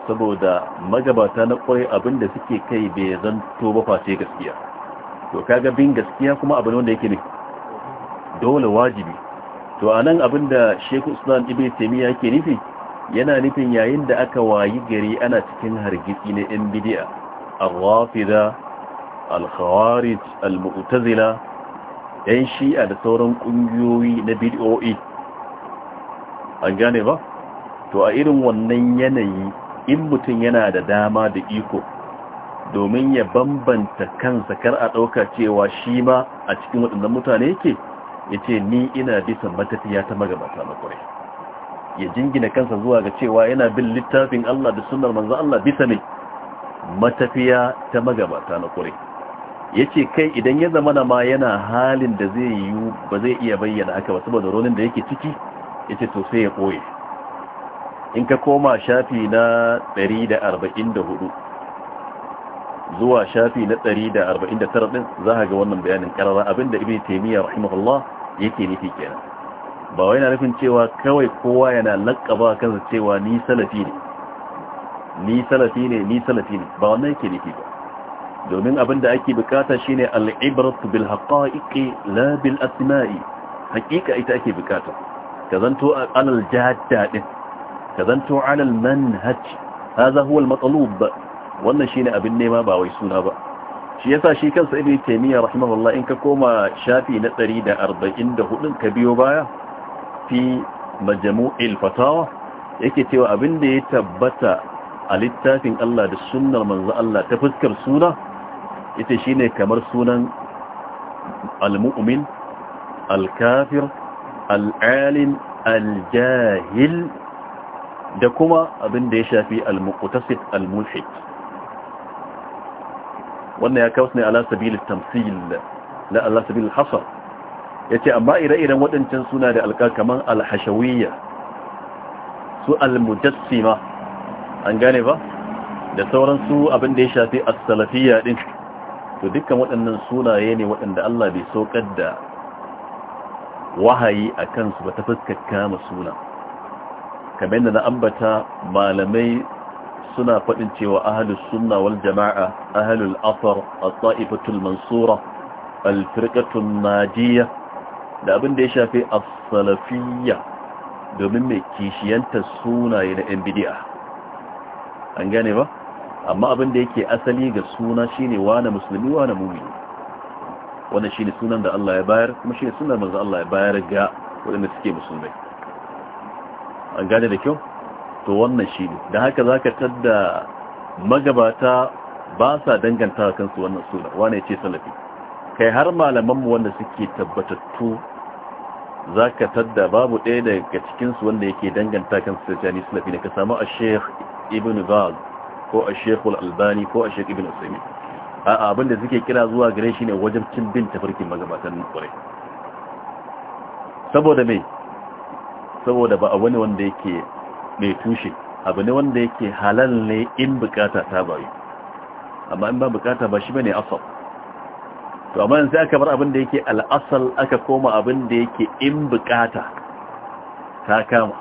saboda magabata na kwarai abinda suke kai bai zanto ba face gaskiya to kaga bin gaskiya kuma abin wanda yake ne dole wajibi to anan abin da Sheikh Usman Ibn Taymiyyah yake nufi yana nufin yayin da aka wayi gari ana cikin hargitsi na yan bid'a al-rafida al-khawarij al-mu'tazila yan shi'a da sauran kungiyoyi na bid'o'i an gane ba to a irin wannan yanayi in mutum yana da dama da iko domin ya bambanta kansa kar a ɗauka cewa shi ma a cikin waɗannan mutane yake ya ce ni ina bisa matafiya ta magabata na ya jingina kansa zuwa ga cewa yana bin littafin Allah da sunar manzan Allah bisa ne matafiya ta magabata na kure. ya ce kai idan ya zama na ma yana halin da zai yiwu ba zai iya bayyana haka ba saboda ronin da yake ciki ya ce to sai ya ɓoye in ka koma shafi na 144 zuwa shafi na 149 din za ka ga wannan bayanin karara abinda ibn Allah rahimahullah yake nufi kenan ba wai na nufin cewa kawai kowa yana lakkaba kansa cewa ni salafi ne ni salafi ne ni salafi ne ba wannan yake nufi ba domin abinda ake bukata shine al'ibratu bil haqa'iqi la bil asma'i hakika ita ake bukata ka zanto alal jadda din كذلك على المنهج هذا هو المطلوب والنشين ابن ما باوي سنابا شيئسا شيكاس ابن تيمية رحمه الله إنك كوما شافي نتريد أرضي إنده كبير بايا في مجموع الفتاوة إكتوا ابن النيمة تبتا ألتاكين الله للسنة المنزاء الله تفذكر سنة إتشيني كمر سنة المؤمن الكافر العالم الجاهل da kuma abin da ya shafi al-muqtasid al-mulhid wannan ya kawo ne ala sabil tamsil la ala sabil hasar yace amma ire-iren waɗancan suna da alka kaman al-hashawiyya su al-mujassima an gane ba da sauran su abin da ya shafi as-salafiyya din to dukkan waɗannan sunaye ne waɗanda Allah bai so kadda. wahayi akan su ba ta fuskar kama sunan kamar yadda na ambata malamai suna faɗin cewa ahalus sunna wal jama'a ahalul asar as taifatul mansura al-firqatun najiya da abin da ya shafi as-salafiyya domin mai kishiyanta sunaye na yan bid'a an gane ba amma abin da yake asali ga suna shine wani musulmi wani mu'min wannan shine sunan da Allah ya bayar kuma shine sunan manzo Allah ya bayar ga waɗanda suke musulmai an gane da kyau to wannan shi ne da haka za ka tadda magabata ba sa danganta kansu wannan suna wane ce salafi kai har malamanmu wanda suke tabbatattu za ka tadda babu ɗaya daga cikinsu wanda yake danganta kansu da jani salafi ne ka samu a sheikh ibn baz ko a sheikh albani ko a sheikh ibn usaimin a abin da suke kira zuwa gare shi ne wajen cin bin tafarkin magabatan kwarai saboda mai saboda ba abu ne wanda yake mai tushe abu ne wanda yake halal ne in bukata ta bayu amma in ba bukata ba shi bane asal to amma sai aka bar abin da yake al'asal aka koma abin da yake in bukata ta kama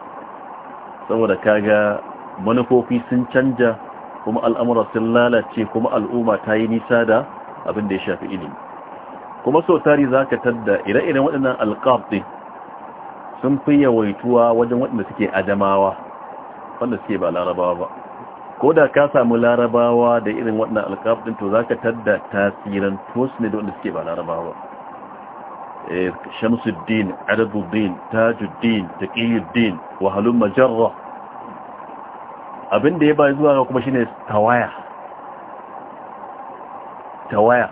saboda kaga manufofi sun canja kuma al'amura sun lalace kuma al'umma ta yi nisa da abin da ya shafi ilimi kuma sau tari za ka tadda ire-iren waɗannan alƙaf ɗin sun fi yawaituwa wajen waɗanda suke adamawa wanda suke ba larabawa ba ko da ka samu larabawa da irin waɗannan alkafin to za ka tadda tasirin tos ne da wanda suke ba larabawa eh, shamsuddin arabuddin tajuddin taqiyuddin wahalun majarra abinda ya ba zuwa kuma shine tawaya tawaya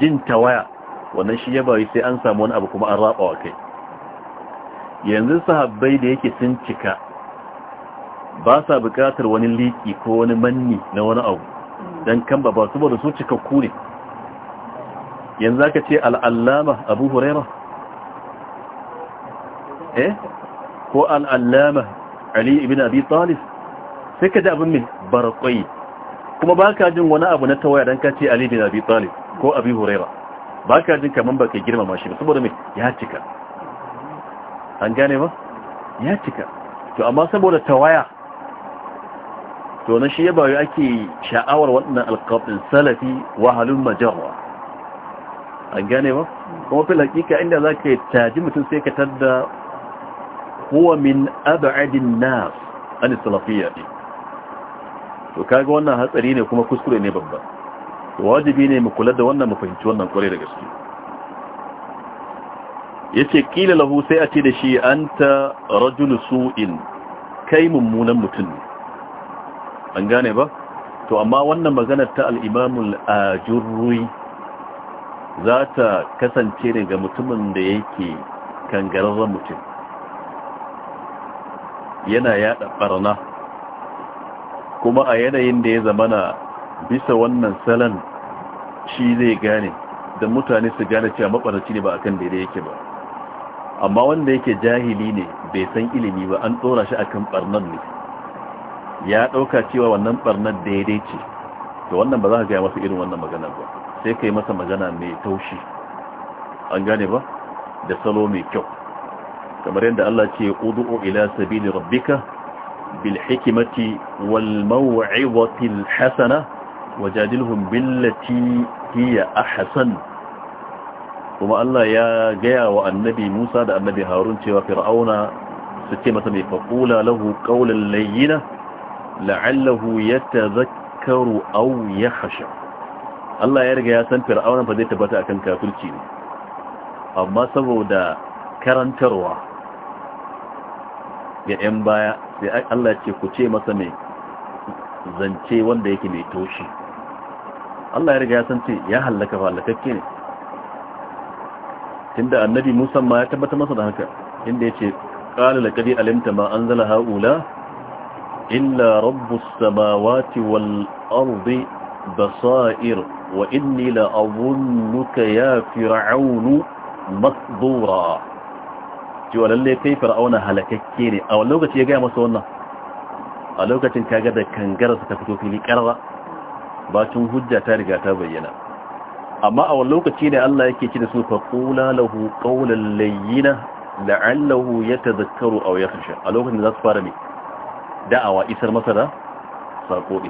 jin tawaya wannan shi ya bayi sai an samu wani abu kuma an raba wa kai yanzu sahabbai da yake sun cika ba sa bukatar wani liki ko wani manni na wani abu don kan ba ba da su cika ne yanzu aka ce al'allama abu huraira eh ko al'allama ali ibn abi talib sai ka ji abin mai barakwai kuma ba ka jin wani abu na tawaya don ka ce ali ibn abi talib ko abi huraira ba ka jin kamar ba ka girmama shi ba saboda mai ya cika an gane ba ya cika to amma saboda tawaya to na shi ya bayu ake sha'awar waɗannan alƙafin salafi wahalun majarwa an gane ba kuma fi laƙiƙa inda za ka taji mutum sai ka tadda huwa min abadin nas an salafiya ne to kaga wannan hatsari ne kuma kuskure ne babba wajibi ne mu kula da wannan mu fahimci wannan kwarai da gaske yace ƙila lahu sai a ce da shi an ta rajulu su'in kai mummunan mutum an gane ba to amma wannan maganar ta al-imam al za ta kasance ne ga mutumin da yake kangararren mutum yana yada barna kuma a yanayin da ya zamana bisa wannan salon shi zai gane da mutane su gane cewa mabarci ne ba akan daidai yake ba amma wanda yake jahili ne bai san ilimi ba an tsora shi akan barnan ne ya ɗauka cewa wannan barnan daidai ce to wannan ba za ka gaya masa irin wannan magana ba sai kai masa magana mai taushi an gane ba da salo mai kyau kamar yadda Allah ce udu'u ila sabili rabbika bil hikmati wal maw'izati al hasana wajadilhum billati hiya ahsan kuma Allah ya gaya wa annabi Musa da annabi Harun cewa fir'auna su ce masa mai faƙula lahu ƙaunin layyina la'allahu ya tazakkaru au ya hasha Allah ya riga ya san fir'auna ba zai tabbata kan kafirci ne amma saboda karantarwa ga 'yan baya sai Allah ce ku ce masa mai zance wanda yake mai toshi Allah ya riga ya san ce ya hallaka ba hallakakke ne tunda annabi Musa ma ya tabbata masa da haka inda yace qala laqad alimta ma anzala haula illa rabbus samawati wal ardi basair wa inni la awunuka ya fir'aun masdura cewa lalle kai fir'auna halakakke ne a lokacin ya ga masa wannan a lokacin kaga da kangara ta fito fili karra bacin hujja ta riga ta bayyana amma a wani lokaci ne Allah yake ci da su faƙula lahu ƙaunar layyina la'allahu ya ta zakaru a wuyar sashen a lokacin da za su fara ne da'awa isar masa da saƙo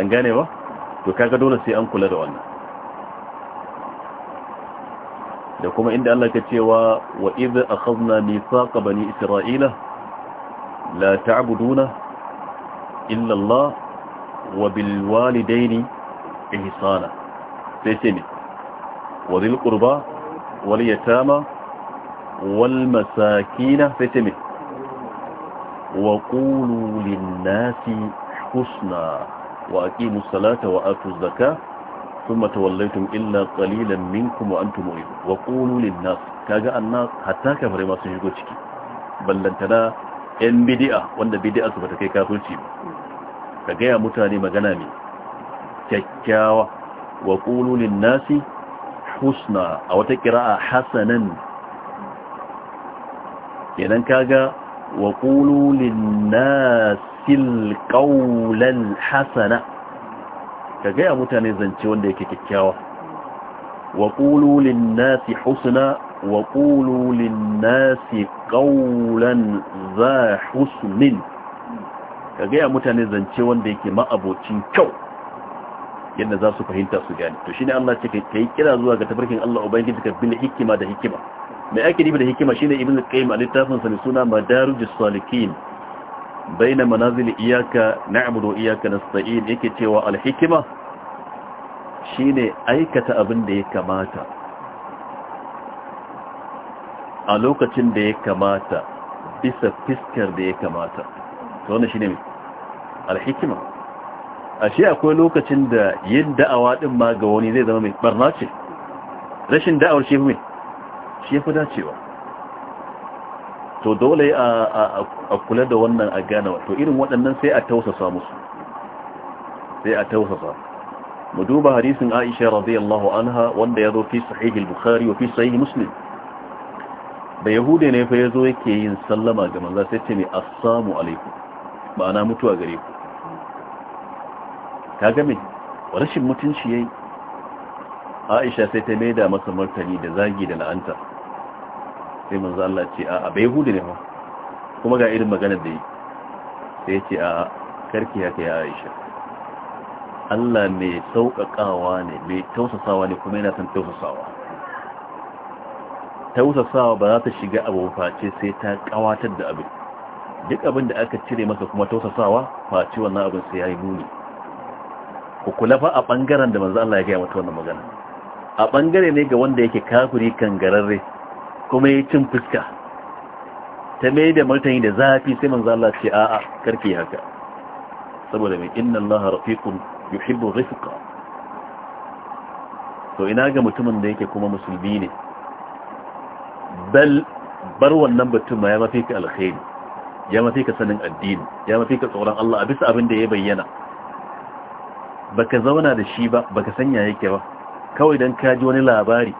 an gane ba to kaga dole sai an kula da wannan da kuma inda Allah ka cewa wa idh akhadna mithaqa bani isra'ila la ta'buduna illa Allah wa bil walidaini ihsana sai ce ne wazil qurba wal yatama wal masakina sai ce ne wa qulu lin nasi husna wa aqimus salata wa atuz zakata ثم توليتم إلا قليلا منكم وأنتم مريضون وقولوا للناس كاجا الناس حتى كفر ما سنجو تشكي بل لن تنا إن بدئة وأن بدئة سبتكي كافر تشيب كاجا متاني مغنامي كاكاوة wa qulu lin nasi husna a wata qira'a hasanan idan kaga wa qulu lin nasi alqawlan hasana kaga ya mutane zance wanda yake kikkiawa wa qulu lin nasi husna wa qulu lin nasi qawlan za husnin kaga ya mutane zance wanda yake ma'abocin kyau yadda za su fahimta su gane to shine Allah ce yi kira zuwa ga tafarkin Allah ubangiji ka bin hikima da hikima mai ake nufi da hikima shine ibn qayyim a littafin sa mai suna madarijus salikin baina manazil iyaka na'budu iyaka nasta'in yake cewa al hikima shine aikata abin da ya kamata a lokacin da ya kamata bisa fiskar da ya kamata to wannan shine al hikima ashe akwai lokacin da yin da'awa din ma ga wani zai zama mai barna ce rashin da'awar shi mai shi ya fi dacewa to dole a kula da wannan a gane to irin waɗannan sai a tausasa musu sai a tausasa mu duba hadisin Aisha radiyallahu anha wanda ya zo fi sahihil bukhari wa fi sahih Muslim da Yahude ne fa yazo yake yin sallama ga manzo sai ce ne assalamu alaikum ma'ana mutuwa gare ku ka game rashin mutunci yayi aisha sai ta mai da masa martani da zagi da la'anta sai manzo Allah ce a abai hudu ne fa kuma ga irin maganar da yi sai ya ce a karki haka ya aisha Allah mai sauƙaƙawa ne mai tausasawa ne kuma yana son tausasawa tausasawa ba za ta shiga abu face sai ta ƙawatar da abin duk abin da aka cire masa kuma tausasawa face wannan abin sai ya yi muni ku kula fa a bangaren da manzo Allah ya gaya mata wannan magana a bangare ne ga wanda yake kafiri gararre kuma yake cin fuska ta mai da martani da zafi sai manzo Allah ce a'a karki haka saboda mai inna Allah rafiqun yuhibbu rifqa to ina ga mutumin da yake kuma musulmi ne bal bar wannan batun ma ya mafi ka alkhairi ya mafi ka sanin addini ya mafi ka tsoron Allah a bisa abin da ya bayyana baka zauna da shi ba baka sanya yake ba kawai dan kaji wani labari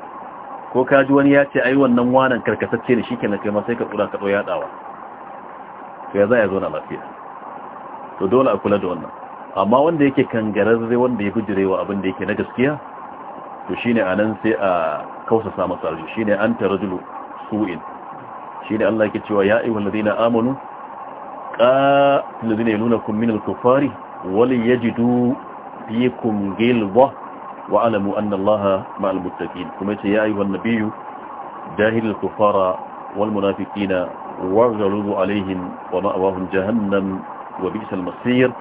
ko kaji wani ya ce ai wannan wanan karkatacce ne shikenan kai ma sai ka tsura ka doya dawa to ya za ya zauna lafiya to dole a kula da wannan amma wanda yake kangararre wanda ya gujirewa abin da yake na gaskiya to shine anan sai a kausasa masa alju shine anta rajulu su'in shine Allah yake cewa ya ayyuhal ladina amanu qa alladhina yalunakum minal kufari wal yajidu fikum ghilza wa alamu anna allaha ma'al muttaqin kuma yace ya ayyuhan nabiyyu jahilul kufara wal munafiqina waghluz alaihim wa ma'awahum jahannam wa bi'sal masir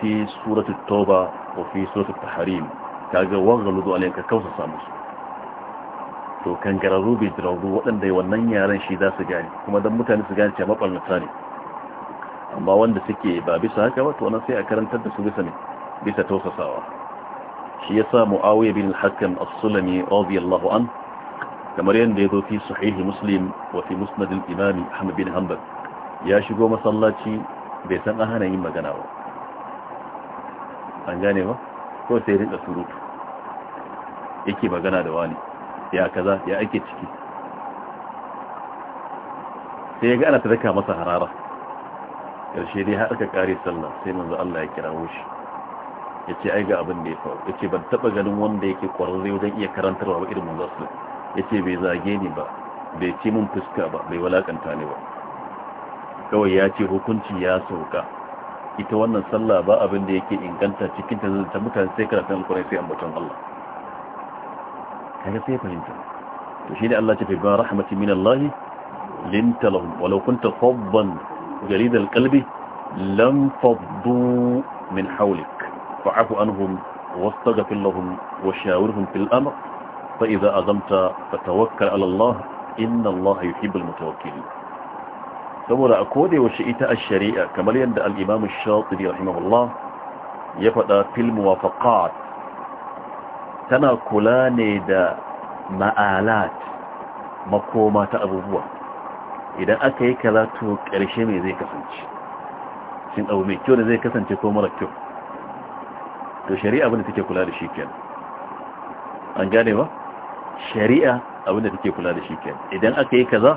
fi surati at-tauba wa fi surati at-tahrim kaga waghluz alaihim ka kausa samu to kangararru bai jirarru waɗanda wannan yaren shi za su kuma dan mutane su gane cewa maɓalmata ne amma wanda suke ba bisa haka ba to wannan sai a karantar da su bisa ne bisa tausasawa shi ya sa mu'awiyar bin hakan asulami as-sulami an kamar yadda ya zo fi sahihi muslim wa fi musnadin imami hamad bin hanbal ya shigo masallaci bai san a hana yin magana ba an gane ba ko sai rinka surutu yake magana da wani ya kaza ya ake ciki sai ya ga ana ta daka masa harara ƙarshe dai har ka kare sallah sai manzo Allah ya kira wushi ya ce ai ga abin da ya faru ya ce ban taba ganin wanda yake kwararre wajen iya karantarwa ba irin manzo su ya ce bai zage ni ba bai ce mun fuska ba bai walakanta ni ba kawai ya ce hukunci ya sauka ita wannan sallah ba abin da yake inganta cikin ta zanta mutane sai karatun alƙurai sai ambaton Allah kaga sai fahimta to shi ne Allah ce fi ba rahmatin min Allah linta lahum walau kunta faddan jaridal qalbi lam faddu min hawlik فاعف عنهم واستغفر لهم وشاورهم في الأمر فإذا أزمت فتوكل على الله إن الله يحب المتوكلين saboda a kodewa shi ita a shari'a kamar yadda al'imamu shaɗiri rahimahullah ya faɗa fil muwafaqat tana kula ne da ma'alat makoma ta abubuwa idan aka yi karatu ƙarshe mai zai kasance shin abu mai kyau da zai kasance ko mara kyau to shari'a abinda take kula da shi kenan an gane ba shari'a abinda take kula da shi kenan idan aka yi kaza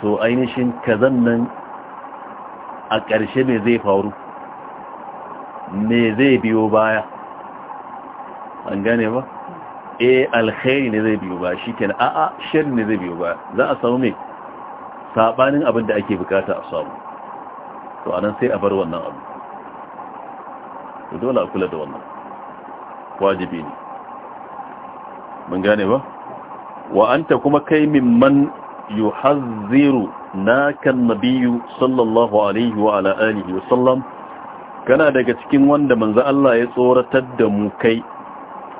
to ainihin kazan nan a ƙarshe me zai faru me zai biyo baya an gane ba e alkhairi ne zai biyo baya shikenan a'a shari ne zai biyo baya za a samu me sabanin abinda ake bukata a samu to anan sai a bar wannan abu to dole a kula da wannan wajibi ne mun gane ba wa anta kuma kai mimman yuhazziru naka nabiyyu sallallahu alaihi wa ala alihi wa sallam kana daga cikin wanda manzo Allah ya tsoratar da mu kai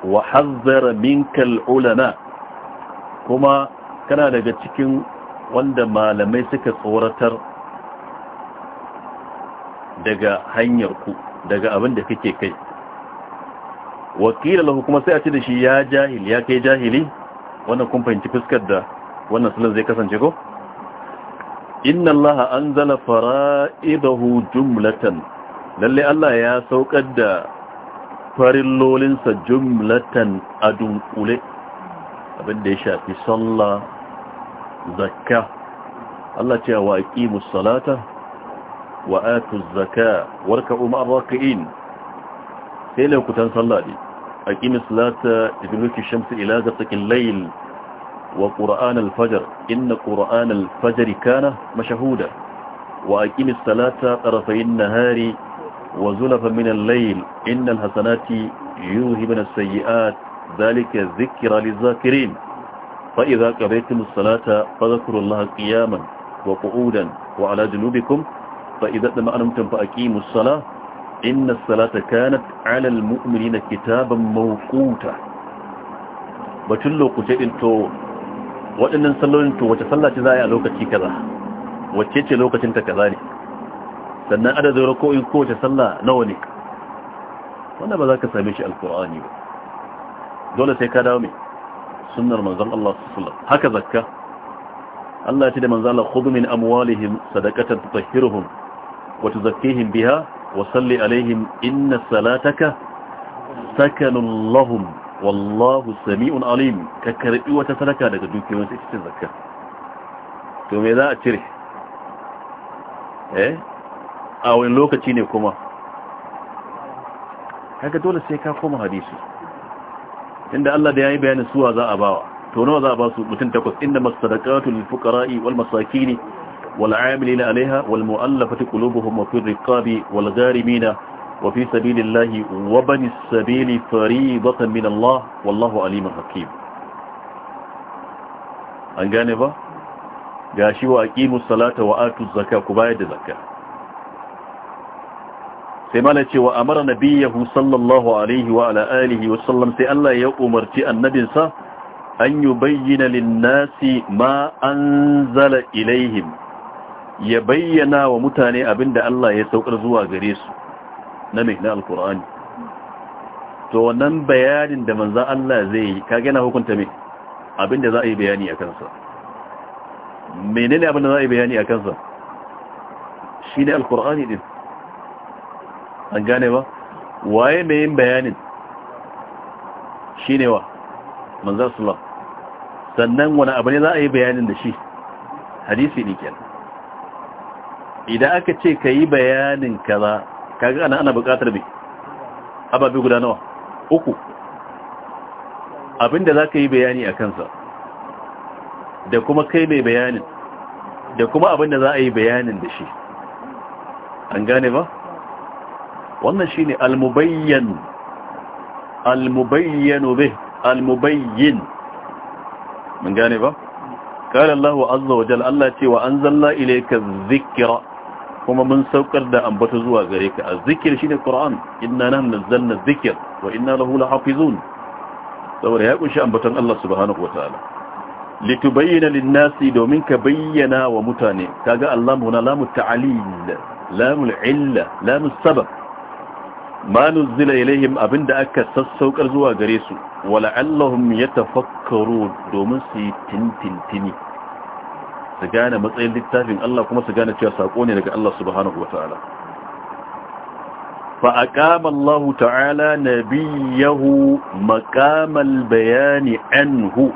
wa hazzara minkal ulama kuma kana daga cikin wanda malamai suka tsoratar daga hanyar ku daga abin da kake kai wakila hukuma kuma sai a ce da shi ya jahili ya kai jahili wannan kun fahimci fuskar da wannan sunan zai kasance ko inna Allah anzala fara'idahu jumlatan lalle Allah ya saukar da farillolinsa jumlatan a dunkule abinda ya shafi sallah zakka Allah ce wa aqimus salata وآتوا الزكاة وركعوا مع الراكعين سيلة وكتان صلاة دي أقيم صلاة إذنوك الشمس إلى زبتك الليل وقرآن الفجر إن قرآن الفجر كان مشهودا وأقيم الصلاة طرفي النهار وزلفا من الليل إن الحسنات يوهي من السيئات ذلك ذكر للذاكرين فإذا قبيتم الصلاة فذكروا الله قياما وقعودا وعلى جنوبكم فإذا تمأنمتم فأقيموا الصلاة إن الصلاة كانت على المؤمنين كتابا موقوتا بتلو قتئن تو waɗannan sallolin to wace sallah za a yi a lokaci kaza wacce ce lokacin kaza ne sannan adadin rako'in kowace sallah nawa ne wanda ba za ka same shi alkur'ani ba dole sai ka dawo mai Allah su haka zakka Allah ce da manzan Allah khudu min amwalihim sadaqatan وتزكيهم بها وصل عليهم إن صلاتك سكن لهم والله سميع عليم ككرئي وتسلكا لك دوكي وانت تتزكى ثم إذا أتره eh a wani lokaci ne kuma haka dole sai ka koma hadisi inda Allah da yayi bayanin suwa za a bawa to nawa za a ba su mutum takwas inda masadaqatu lil wal masakin والعاملين عليها والمؤلفة قلوبهم وفي الرقاب والغارمين وفي سبيل الله وبن السبيل فريضة من الله والله عليم حكيم an gane ba ga shi wa aqimu salata wa atu sai mala cewa amara nabiyahu sallallahu alaihi wa ala wa sallam sai Allah ya umarci annabinsa an yubayyana lin-nasi ma ilaihim ya bayyana wa mutane abinda Allah ya saukar zuwa gare su na mai na alkur'ani to wannan bayanin da manza Allah zai yi kage na hukunta mai abinda za a yi bayani a kansa menene abinda za a yi bayani a kansa shi ne alkur'ani din an gane ba waye mai yin bayanin shi ne wa manzan Allah sannan wani abu ne za a yi bayanin da shi hadisi ne kenan idan aka ce ka yi bayanin kaza kaga ana ana bukatar bi ababe guda nawa uku abinda za ka yi bayani a kansa da kuma kai mai bayanin da kuma abinda za a yi bayanin da shi an gane ba wannan shi ne almubayyan almubayyanu bih almubayyin mun gane ba قال الله عز وجل الله تي وأنزلنا ka الذكر kuma mun saukar da ambata zuwa gare ka azzikir shine qur'an inna nahnu nazzalna dhikr wa inna lahu lahafizun saboda ya kunshi ambatan Allah subhanahu wataala litubayyana linnasi nasi domin ka bayyana wa mutane kaga Allah huna lamu ta'lil lamu illa lamu sabab ma nuzila ilaihim abinda aka sassaukar zuwa gare su wala'allahum yatafakkarun domin su yi tintintini su gane matsayin littafin Allah kuma su gane cewa sako ne daga Allah subhanahu wataala fa aqama Allah ta'ala nabiyahu maqamal bayani anhu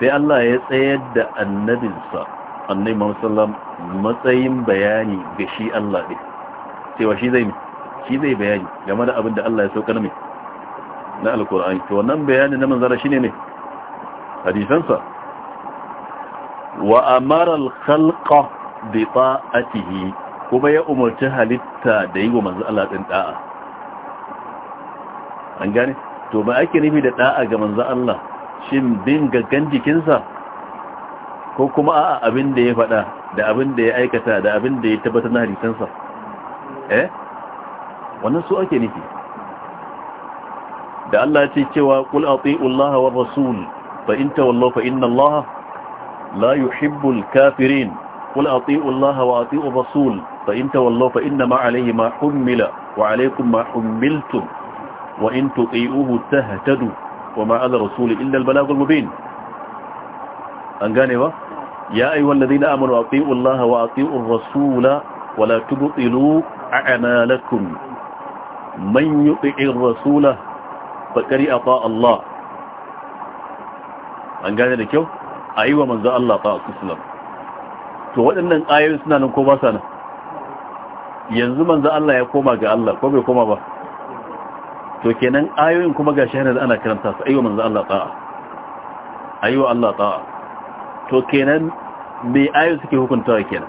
sai Allah ya tsayar da annabinsa annabi Muhammad matsayin bayani ga shi Allah din cewa shi zai shi zai bayani game da abin da Allah ya saukar mai na alkur'ani to wannan bayani na manzara shine ne hadisansa wa amara al-khalqa bi ta'atihi kuma ya umarci halitta da yi wa manzo Allah din da'a an gane to ba ake nufi da da'a ga manzo Allah shin bin gaggan jikinsa ko kuma a'a abin da ya faɗa da abin da ya aikata da abin da ya tabbatar na hadisansa eh wannan su ake nufi da Allah ya ce cewa qul ati'u Allah wa rasul fa in tawallaw fa inna Allah لا يحب الكافرين قل أطيعوا الله وأطيعوا الرسول فإن تولوا فإنما عليه ما حمل وعليكم ما حملتم وإن تطيئوه تهتدوا وما على الرسول إلا البلاغ المبين أنقاني يا أيها الذين آمنوا أطيعوا الله وأطيعوا الرسول ولا تبطلوا أعمالكم من يطيع الرسول فكري أطاء الله أنقاني لكيو a yi wa manzan Allah ta akusulam to waɗannan ayoyin suna nan ko ba sa nan yanzu manza Allah ya koma ga Allah ko bai koma ba to kenan ayoyin kuma ga shaharar ana karanta su a yi wa manzan Allah ta'a a yi wa Allah ta'a to kenan mai ayoyin suke hukunta kenan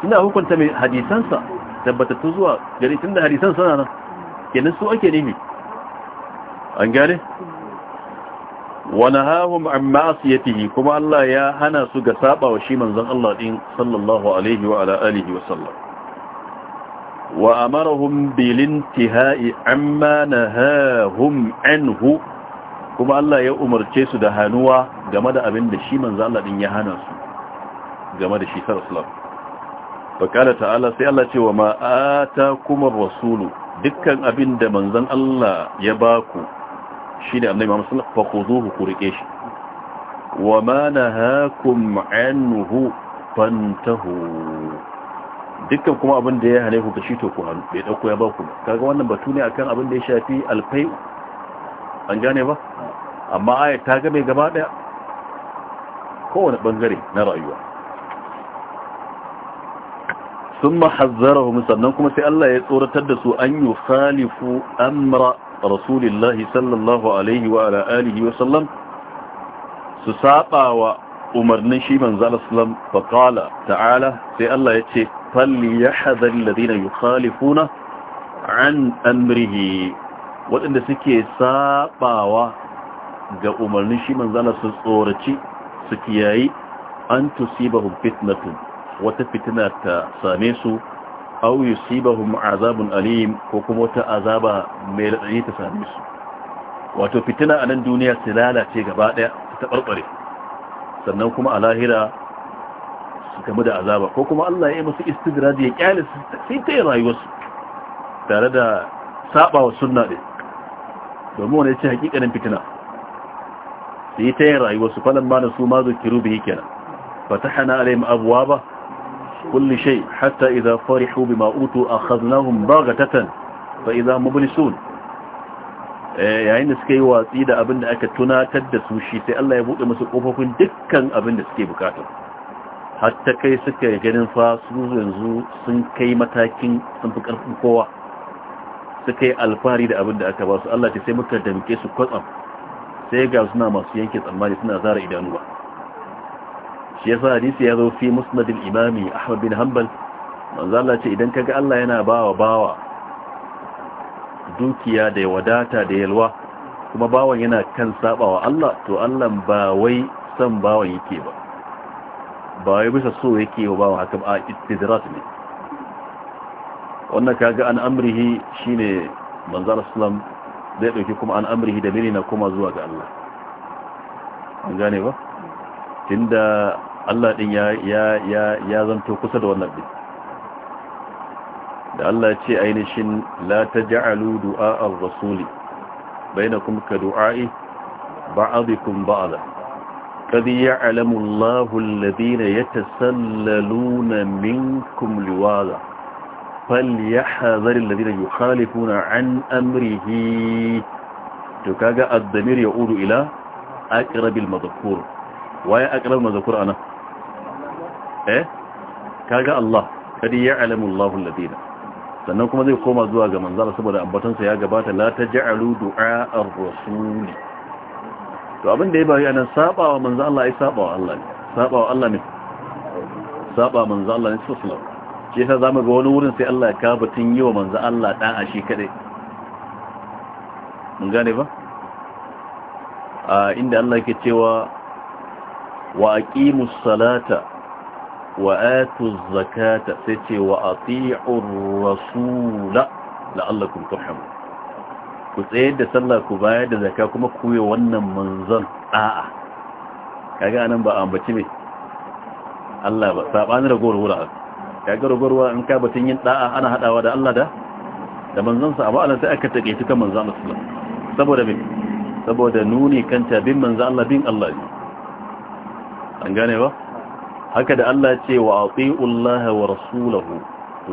suna hukunta mai hadisansa tabbatattu zuwa gari tun da hadisan na nan kenan su ake nemi an gane wani hahun fiye, kuma Allah ya hana su ga saba wa shi manzan Allah ɗin sallallahu alaihi wa ala'alihi wa sallam wa amarahum bilin tihai amma na hahun anhu kuma Allah ya umarce su da hannuwa game da abin da shi manzan Allah ɗin ya hana su game da shi saraslam faƙada ta'ala sai Allah ce wa ma'ata kuma rasulu dukkan abin da manzan Allah ya baku shi ne annabi Muhammad sallallahu alaihi wasallam fa khuzuhu shi wa ma nahakum anhu fantahu dukkan kuma abin da ya hane ku kashi to ku hannu bai dauko ya ba ku kaga wannan batu ne akan abin da ya shafi alfai an gane ba amma ayat ta ga mai gaba daya kowane bangare na rayuwa sun mahazzarahum sannan kuma sai Allah ya tsoratar da su an yi khalifu amra رسول الله صلى الله عليه وعلى آله وسلم سساقا وأمرنا شي من زال السلام فقال تعالى سي الله يتي فليحذر الذين يخالفون عن أمره وأن سكي ساقا وأمرنا شي من زال السلام سكياي أن تصيبهم فتنة وتفتنة ساميسو aw yusibahum azabun alim ko kuma wata azaba mai radadi ta same su wato fitina a nan duniya su lalace gaba daya ta barbare sannan kuma a lahira su kamu da azaba ko kuma Allah ya yi musu istidraji ya kyale su sai ta rayuwarsu tare da saba wa sunna din domin wani ce hakikanin fitina sai ta yin rayuwarsu falon ma na su ma zo kiru bihi kenan fatahana alayhim abwaba كل شيء حتى إذا فرحوا بما أوتوا أخذناهم باغتة فإذا مبلسون yayin da suka yi watsi da abin da aka tunatar da su shi sai Allah ya buɗe musu ƙofofin dukkan abin da suke bukata hatta kai suka ganin fa su yanzu sun kai matakin sun kowa suka yi alfahari da abin da aka ba su Allah ce sai muka damke su kwatsam sai ga suna masu yanke tsammani suna zara idanuwa shi yasa hadisi ya zo fi musnad al-imami ahmad bin hanbal manzo Allah ce idan kaga Allah yana bawa bawa dukiya da wadata da yalwa kuma bawan yana kan sabawa Allah to Allah ba wai san bawan yake ba ba wai bisa so yake wa bawan haka ba istidrat ne wannan kaga an amrihi shine manzo Allah sallallahu zai dauki kuma an amrihi da menene kuma zuwa ga Allah an gane ba tunda Allah din ya ya ya ya zanto kusa da wannan din da Allah ya ce ainihin la taj'alu du'a ar-rasul bainakum ka du'a'i ba'dikum ba'da qad ya'lamu Allahu alladhina yatasallaluna minkum liwaza falyahdhar alladhina yukhalifuna an amrihi to kaga ad-damir ya'udu ila aqrabil madhkur waye aqrabil madhkur ana eh kaga Allah kadi ya'lamu Allahu ladina sannan kuma zai koma zuwa ga manzara saboda ambatansa ya gabata la ta ja'alu du'a ar-rasul to abin da ya bayi anan sabawa manzo Allah ai sabawa Allah ne sabawa Allah ne saba manzo Allah ne sallallahu alaihi wasallam shi mu ga wani wurin sai Allah ya kaba tun yi wa manzo Allah da a shi kadai mun gane ba a inda Allah yake cewa wa aqimus salata wa atu zakata sai ce wa ati'ur rasula la'allakum turhamun ku tsayar da sallah ku bayar da zakka kuma ku yi wannan manzon a'a kaga anan ba ambaci ne Allah ba sabanin ragowar wura kaga ragowar in ka batun yin da'a ana hadawa da Allah da da manzon sa amma Allah sai aka take shi kan manzon Allah saboda me saboda nuni kan tabin manzon Allah bin Allah an gane ba haka da Allah ce wa ati'u Allah wa rasulahu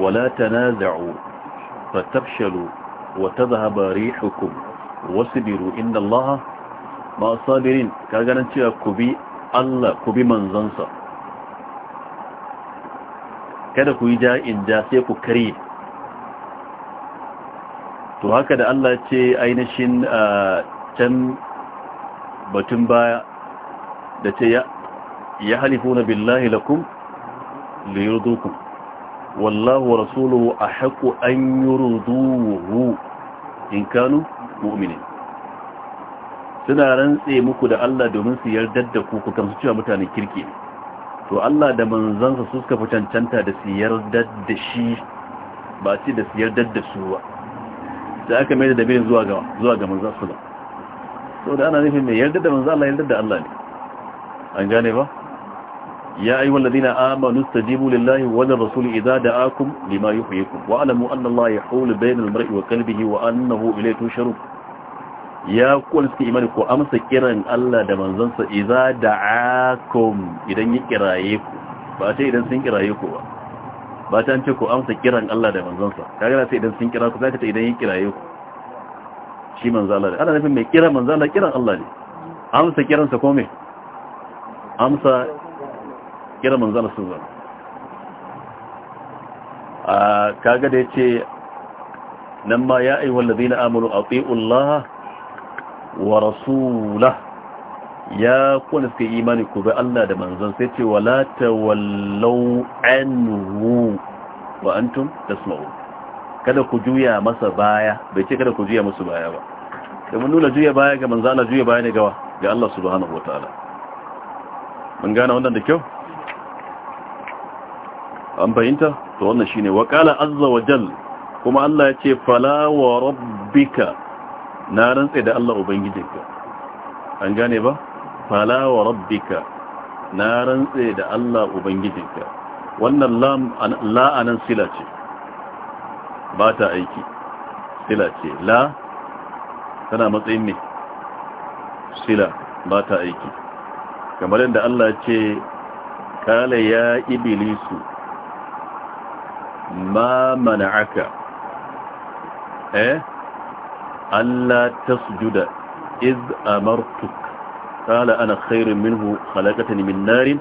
wa la tanaza'u fatafshalu wa tadhhaba rihukum wasbiru inna Allah ma sabirin kaga nan cewa ku bi Allah ku bi manzansa kada ku yi ja'in ja sai ku kare to haka da Allah ce ainihin ah, can batun baya da ce ya ya halifuna billahi lakum liyurdukum wallahu wa rasuluhu a ahqqu an yurduhu in kanu mu'minin suna rantse muku da Allah domin su yarda da ku ku kamsu cewa mutane kirki to Allah da manzansa su suka fi cancanta da su yarda da shi ba ce da su yarda da su ba da aka mai da dabirin zuwa ga zuwa ga manzansa sau da ana nufin mai yarda da manzan Allah yarda da Allah ne an gane ba ya ayyuha alladhina amanu istajibu lillahi wa lirrasuli idha da'akum lima yuhyikum wa alamu anna allaha yahulu bainal mar'i wa qalbihi wa annahu ilayhi tushrub ya kuwa suke imani ko amsa kiran Allah da manzansa idha da'akum idan ya ku ba sai idan sun ku ba ba an ce amsa kiran Allah da manzansa kaga sai idan sun ku zaka ta idan ya ku shi manzo Allah Allah nafi mai kira manzo kiran Allah ne amsa kiransa ko me amsa kira manzana sun zan a kaga da ya ce nan ma ya aiwa na amuru a tsi'ullah wa rasula ya kuna suke imani ku bai Allah da manzan sai ce wala tawallau anhu wa antum tasma'u kada ku juya masa baya bai ce kada ku juya masu baya ba domin nuna juya baya ga manzana juya baya ne gawa ga Allah subhanahu wataala mun gane wannan da kyau an fahimta to wannan shine wa qala azza wa jal kuma Allah ya ce fala wa rabbika na rantsa da Allah ubangijinka an gane ba fala wa rabbika na rantsa da Allah ubangijinka wannan lam la anan sila ce ba ta aiki sila ce la tana matsayin ne sila ba ta aiki kamar yadda Allah ce kala ya ibilisu ma mana'aka eh alla tasjuda iz amartuk qala ana khairun minhu khalaqatani min narin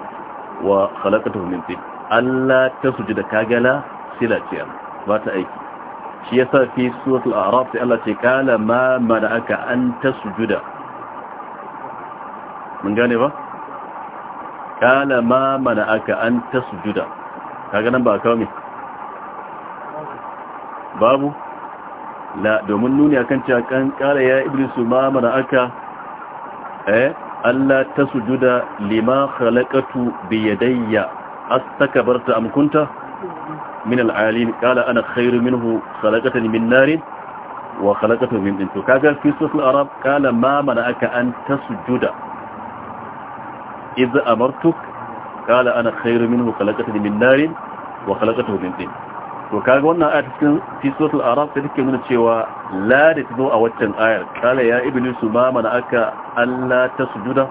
wa khalaqatahu min tin alla tasjuda kagala sila ce ba ta aiki shi yasa fi suratul a'raf sai Allah ce kala ma mana'aka an tasjuda mun gane ba kala ma mana'aka an tasjuda kaga nan ba kawo babu la domin nuni akan cewa kan kala ya ibn ma da aka eh Allah ta sujuda lima khalaqatu bi yadayya astakbarta am kunta min al-alim kala ana khairu minhu khalaqatani min nar wa khalaqatu min tin to kaga fi surat al-arab kala ma mana'aka an tasjuda idza amartuk kala ana khairu minhu khalaqatani min nar wa khalaqatu min tin to kaga wannan aya cikin fisotul arab ta take nuna cewa la da ta zo a waccan ayar kala ya ibnu ma mana aka alla tasjuda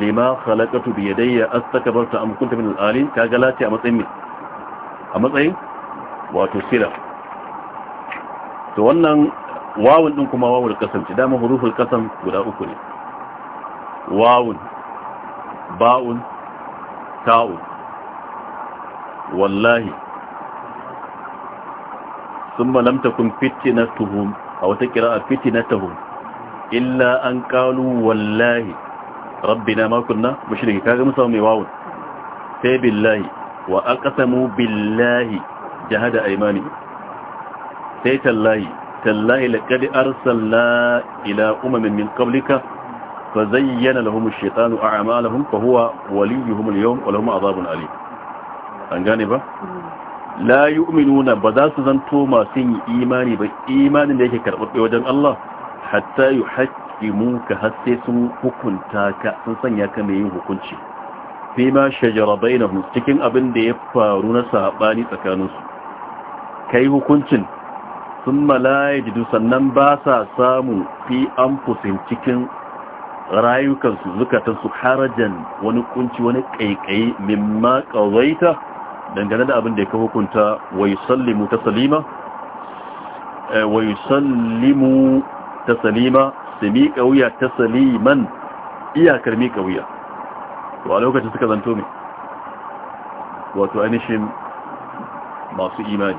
lima khalaqatu bi yadayya astakbarta am kunta min al-alin kaga lati a matsayin a matsayin wato sira to wannan wawun din kuma wawul kasam ce dama huruful kasam guda uku ne wawun ba'un ta'un wallahi sun ba lamta kun fitina tuhum a wata kira a fitina tuhum illa an kalu wallahi rabbina ma kunna mushrikin kaga musa mai wawo sai billahi wa aqsamu billahi jahada aymani sai tallahi tallahi laqad arsalna ila umamin min qablika fa zayyana lahum ash-shaytanu a'malahum fa huwa waliyuhum al-yawm wa lahum adhabun alim an gane ba hmm. la yu'minuna ba za su zanto masu yin imani ba imanin da yake karɓaɓɓe wajen Allah hatta mun ka hasse sun hukunta ka sun sanya ka mai yin hukunci fi ma shajara bainahum cikin abin da ya faru na saɓani tsakaninsu. Ka kai hukuncin sun malaye jidu sannan ba sa samu fi anfusin cikin rayukansu zukatansu harajan wani kunci wani kaikayi mimma ƙazaita. dangane da abin da ya hukunta wa yusallimu taslima eh, wa su miƙa wuya saliman iyakar miƙa wuya to a lokacin suka zanto ne wato ainihin masu imani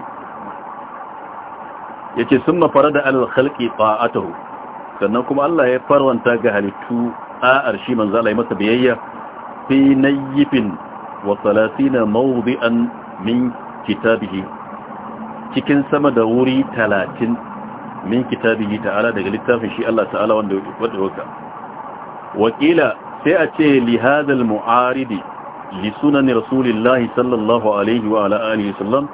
ce sun mafara da alhalki ba'atahu sannan kuma Allah ya farwanta ga halittu a arshi manzala yi masa biyayya fi nayyifin وثلاثين موضعا من كتابه cikin sama da wuri talatin min kitabihi ta'ala daga littafin shi Allah ta'ala wanda ya wadda wakila sai a ce li hadal mu'aridi li sunan rasulillahi sallallahu alaihi wa ala alihi sallam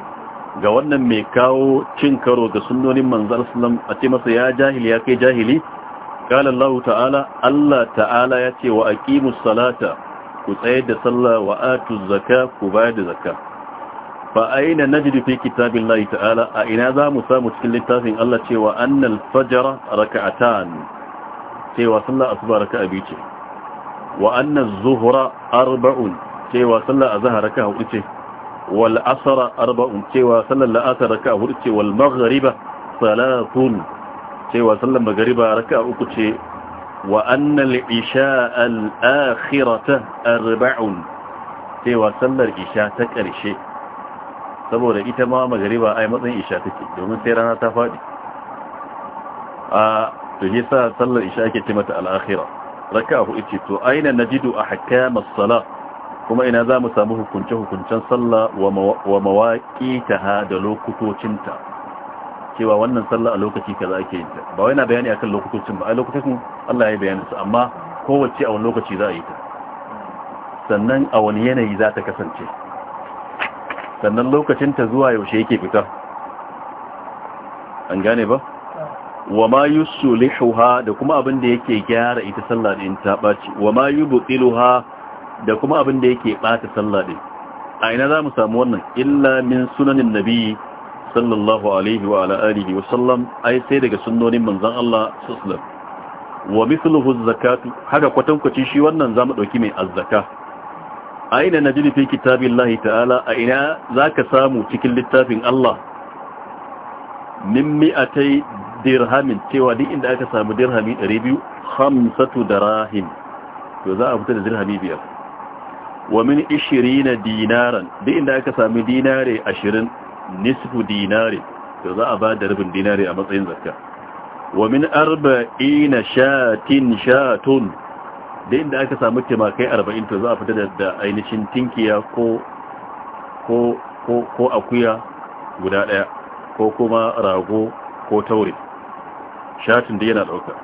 ga wannan mai kawo cin karo ga sunnonin manzal sallam a ce masa ya jahili ya kai jahili qala Allah ta'ala Allah ta'ala ya ce wa aqimus salata ku tsayar da sallah wa atu zakka ku bayar da zakka fa aina najdu fi kitabillahi ta'ala a ina za mu samu cikin littafin Allah cewa annal fajr rak'atan cewa sallah asuba raka'a biyu ce wa annaz zuhra arba'un cewa sallah azhar raka'a hudu ce wal asr arba'un cewa sallah la'asr raka'a hudu ce wal maghriba salatun cewa sallah maghriba raka'a uku ce وأن العشاء الآخرة أربع cewa sallar isha ta ƙarshe saboda ita ma magariba ai matsayin isha take domin sai rana ta faɗi a to shi sa sallar isha ake ce mata al'akhira raka hu ce to aina na najidu ahkam as-sala kuma ina za mu samu hukunce hukuncen sallah wa mawaqitaha da lokutocinta cewa wannan sallah a lokaci kaza ake yi ta ba wai na bayani akan lokacin ba a lokacin Allah ya bayyana su amma kowace a wani lokaci za a yi ta sannan a wani yanayi za ta kasance sannan lokacin ta zuwa yaushe yake fita an gane ba wa ma yusulihuha da kuma abin da yake gyara ita sallah din ta baci wa ma yubtiluha da kuma abin da yake bata sallah din a ina za mu samu wannan illa min sunanin nabi sallallahu alaihi wa ala wa sallam ai sai daga sunnonin manzan Allah sallallahu wa mithluhu zakatu haka kwatankwaci shi wannan za mu dauki mai azzaka aina najidi fi kitabillahi ta'ala aina zaka samu cikin littafin Allah min mi'atai dirhamin cewa duk inda aka samu dirhami 200 khamsatu darahim to za a fita da dirhami biyar wa min 20 dinaran duk inda aka samu dinare 20 nisfu dinari to za a ba da rabin dinari a matsayin zakka wa min arba'ina shatin shatun da aka samu taimakai arba'in to za a fita da ainihin tinkiya ko ko ko ko akuya guda daya ko kuma rago ko taure shatin da yana dauka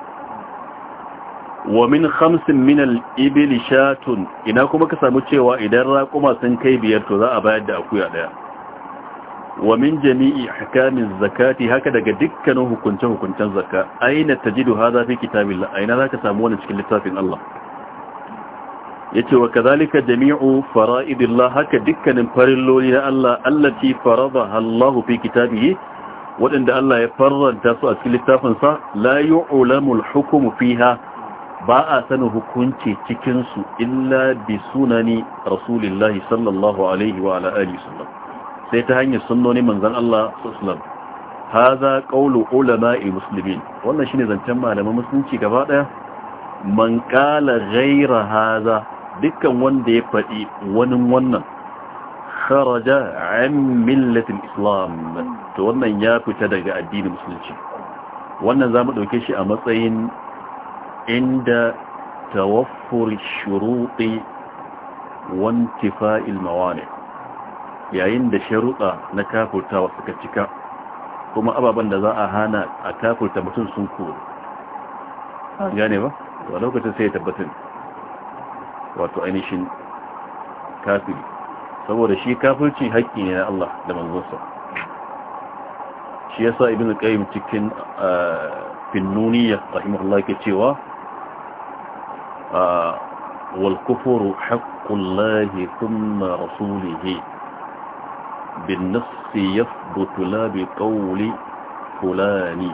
wa min khamsin min al-ibli shatun ina kuma ka samu cewa idan raquma sun kai biyar to za a bayar da akuya daya wa min jami'i ahkamin zakati haka daga dukkanin hukunce hukuncen zakka aina tajidu hadha fi kitabillah aina zaka samu wannan cikin littafin Allah yace wa kadhalika jami'u fara'idillah haka dukkanin farilloli na Allah allati faradaha Allah fi kitabihi wadanda Allah ya farranta su a cikin littafin sa la yu'lamul hukmu fiha ba a sanin hukunci cikin su illa bi sunani rasulillahi sallallahu alaihi wa ala alihi sallam sai ta hanyar sunnoni manzan Allah sallallahu haza qawlu ulama'i muslimin wannan shine zancen malaman musulunci gaba ɗaya. man gaira haza dukkan wanda ya faɗi wani wannan kharaja an millatil islam to wannan ya fita daga addinin musulunci wannan zamu ɗauke shi a matsayin inda tawaffur shuruɗi wantifa al mawani' yayin da sharuɗa na kafurtawa suka cika kuma ababen da za a hana a kafurta mutum sun kore gane ba a lokacin sai ya tabbatin wato ainihin kafiri saboda shi kafirci haƙƙi ne na Allah da manzonsa shi yasa ibn qayyim cikin finnuniya rahimahullah ke cewa wal kufuru haqqu Allah thumma rasulihi بالنص يثبت لا بقول فلاني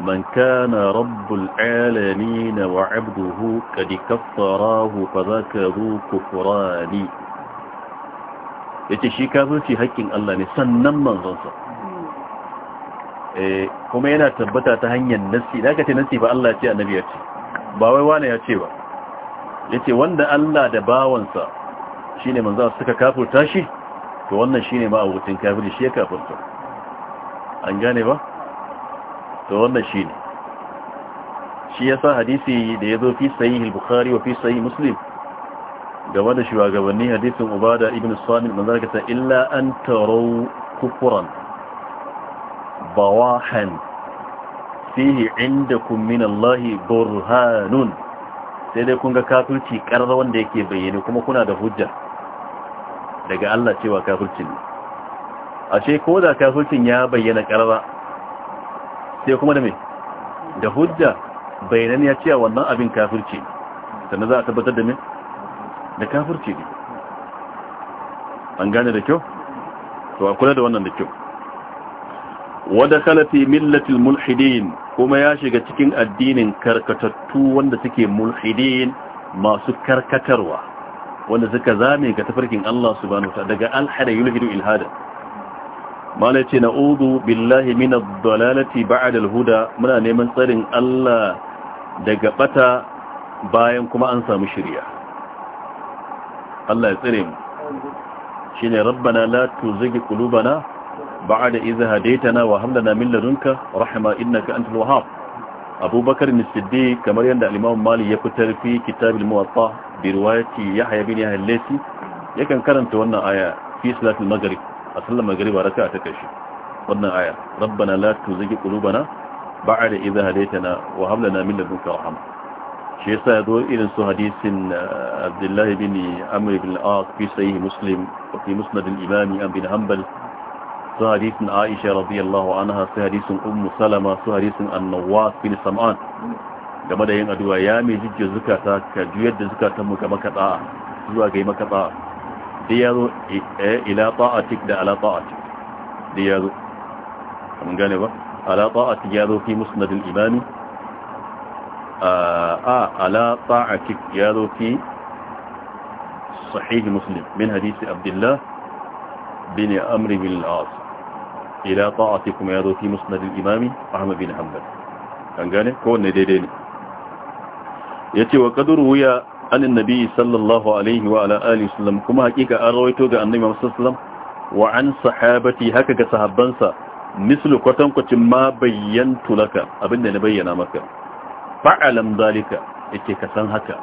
من كان رب العالمين وعبده قد كفراه فذاك ذو كفران yace shi kafirci haƙƙin Allah ne sannan manzonsa eh kuma yana tabbata ta hanyar nassi da aka ce nassi ba Allah ce annabi ya ce ba wai wane ya ce ba yace wanda Allah da bawansa shine manzo suka kafirta shi to wannan shine ma abokin kafiri shi ya kafirta an gane ba to wannan shine shi yasa hadisi da yazo fi sahih al-bukhari wa fi sahih muslim game da shugabanni hadisin ubada ibn salim man zalika illa an taraw kufran bawahan fihi indakum min allahi burhanun sai dai kun ga kafirci karar wanda yake bayyane kuma kuna da hujja daga Allah cewa kafircin ne ashe ko da kafircin ya bayyana karara sai kuma da me da hujja bayanan ya cewa wannan abin kafirci sannan za a tabbatar da me da kafirci ne an gane da kyau to a kula da wannan da kyau wadda kalafi millatil mulhidin kuma ya shiga cikin addinin karkatattu wanda suke mulhidin masu karkatarwa wanda suka zame ga tafarkin Allah subhanahu wa daga alhada yulhidu ilhada mala ce na'udhu billahi min ad-dalalati ba'da al-huda muna neman tsarin Allah daga bata bayan kuma an samu shirya Allah ya tsare mu shine rabbana la tuzigh qulubana ba'da idh hadaytana wa hab min ladunka rahma innaka antal wahhab abubakar siddiq kamar yadda al-imam mali ya fitar fi kitab al-muwatta bi ya yahya bin yahya al-laythi yakan karanta wannan aya fi salatul maghrib a sallar maghrib raka'a ta kashi wannan aya rabbana la tuzigh qulubana ba'da idh hadaytana wa hab lana min ladunka rahma shi yasa yazo irin su hadisin eh, abdullahi bin amr bin al-aq fi sahih muslim wa fi musnad al-imam ibn hanbal حديث عائشة رضي الله عنها حديث أم سلمة حديث النواس بن سمعان كما دين أدوى يامي زج زكاة كجويد زكاة مكا مكتا آه، زوى كي مكتا آه. ديارو إلى طاعتك دا على طاعتك ديارو كما قال با على طاعتك ديارو في مسند الإمام آه, آه، على طاعتك ديارو في صحيح مسلم من حديث عبد الله بن أمر بالعاصر ila ta'atikum ya zo fi musnad al-imami Ahmad bin Hanbal an gane ko wanne daidai ne yace wa qadru ya anan nabi sallallahu alaihi wa ala alihi sallam kuma hakika an rawaito ga annabi Muhammad sallallahu wa an sahabati haka ga sahabbansa mislu kwatankwacin ma bayyantu laka abinda na bayyana maka fa'alam dalika yace ka san haka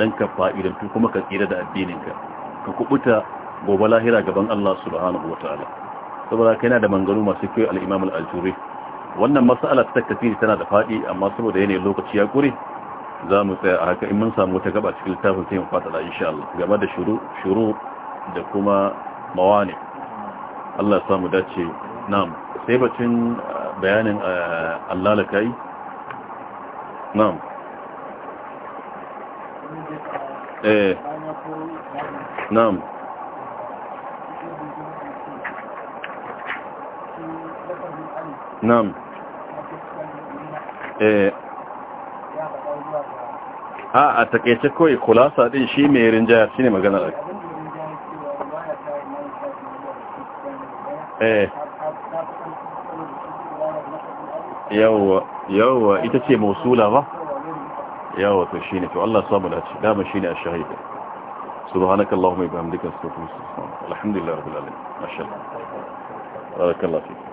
dan ka fa'idantu kuma ka tsira da addininka ka kubuta gobe lahira gaban Allah subhanahu wa ta'ala saboda kai yana da mangaru masu kyau al’imamul imam al wannan matsala ta kafiri tana da fadi amma saboda yanayin lokaci ya kure za mu tsaya a haka in mun samu ta gaba cikin littafin sai mu fata da insha Allah game da shuru shuru da kuma mawani Allah ya samu dace na'am sai bacin uh, bayanin uh, Allah la kai na'am eh na'am نعم ايه اه اتكيت كوي خلاصة دي شي ميرن جاية سيني مغانا لك ايه يو يو اتتي موصولة با يو تشيني تو الله صابر هاتش لا مشيني الشهيد سبحانك اللهم بحمدك الحمد لله رب العالمين ما شاء الله بارك الله فيك